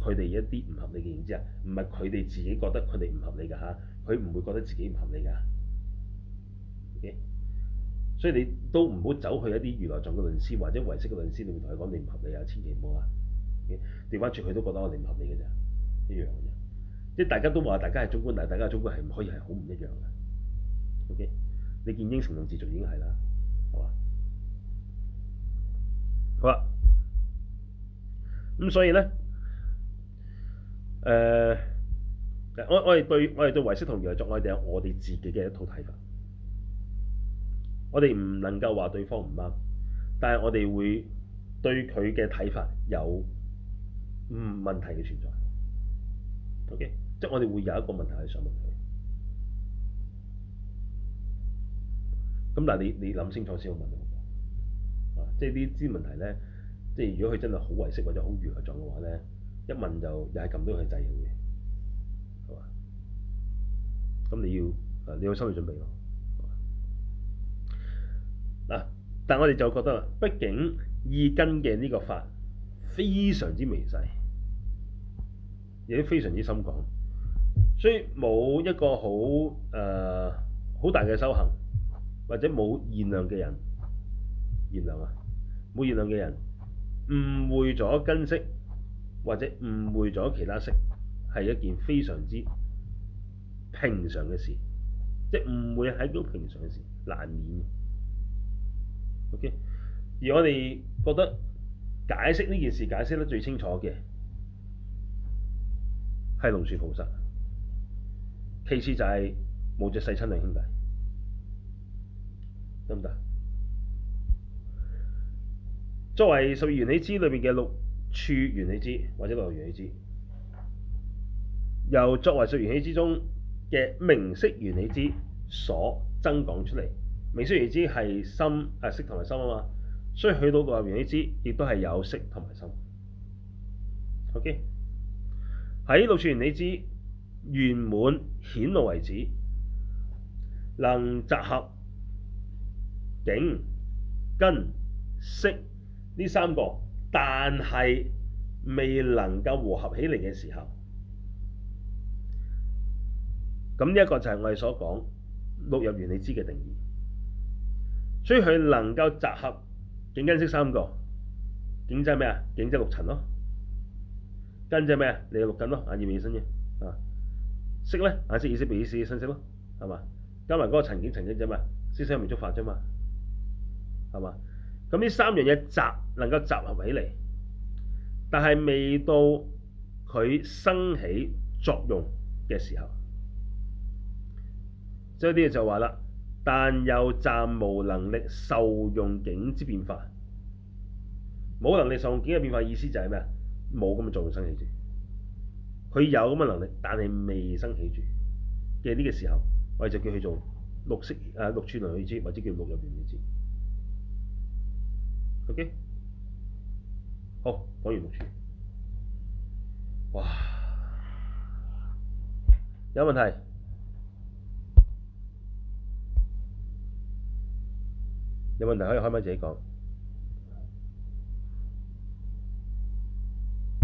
佢哋一啲唔合理嘅認知啊，唔係佢哋自己覺得佢哋唔合理㗎嚇，佢唔會覺得自己唔合理㗎所以你都唔好走去一啲如來藏嘅論師或者唯識嘅論師，會你會同佢講你唔合理啊，千祈唔好啊。掉翻住佢都覺得我哋唔合理嘅啫，一樣嘅啫。即係大家都話大家係中觀，但係大家中觀係唔可以係好唔一樣嘅。OK，你見應成同自續已經係啦，係嘛？好啦，咁所以咧，誒、呃，我我哋對我哋對唯識同如來藏，我哋有我哋自己嘅一套睇法。我哋唔能夠話對方唔啱，但係我哋會對佢嘅睇法有嗯，問題嘅存在。OK，即係我哋會有一個問題係想問佢。咁嗱，你你諗清楚先，好問我。啊，即係呢啲問題咧，即係如果佢真係好唯識或者好如來藏嘅話咧，一問就又係撳到佢掣嘅，係嘛？咁你要啊，你要心理準備咯。嗱，但我哋就覺得啊，畢竟意根嘅呢個法非常之微細，亦都非常之深廣，所以冇一個好誒好大嘅修行或者冇現量嘅人，現量啊，冇現量嘅人誤會咗根式，或者誤會咗其他式，係一件非常之平常嘅事，即係誤會係一種平常嘅事，難免。Okay. 而我哋覺得解釋呢件事解釋得最清楚嘅係龍樹菩薩，其次就係無著世親兩兄弟，得唔得？作為十二緣起支裏面嘅六處緣起支，或者六緣起支，又作為十二緣起支中嘅名色緣起支所增講出嚟。明雖然知係心」，啊，色同埋心」啊嘛，所以去到六入原理知亦都係有色同埋心」啊心。OK，喺六處原理知圓滿顯露為止，能集合境根色呢三個，但係未能夠和合起嚟嘅時候，咁呢一個就係我哋所講六入原理知嘅定義。所以佢能夠集合境根識三個，境即係咩啊？境即六塵咯，根即係咩啊？嚟六根咯，啊業緣身嘅，啊色咧，啊色意識彼意識身色咯，係嘛？加埋嗰個塵境塵境啫嘛，思想未觸發啫嘛，係嘛？咁呢三樣嘢集能夠集合起嚟，但係未到佢生起作用嘅時候，即啲嘢就話啦。但又暫無能力受用境之變化，冇能力受用境嘅變化，意思就係咩啊？冇咁嘅作用生起住，佢有咁嘅能力，但係未生起住嘅呢個時候，我哋就叫佢做六處啊，六處能源住，或者叫六入面住。OK，好講完六處，哇，有問題。有問題可以開咪自己講。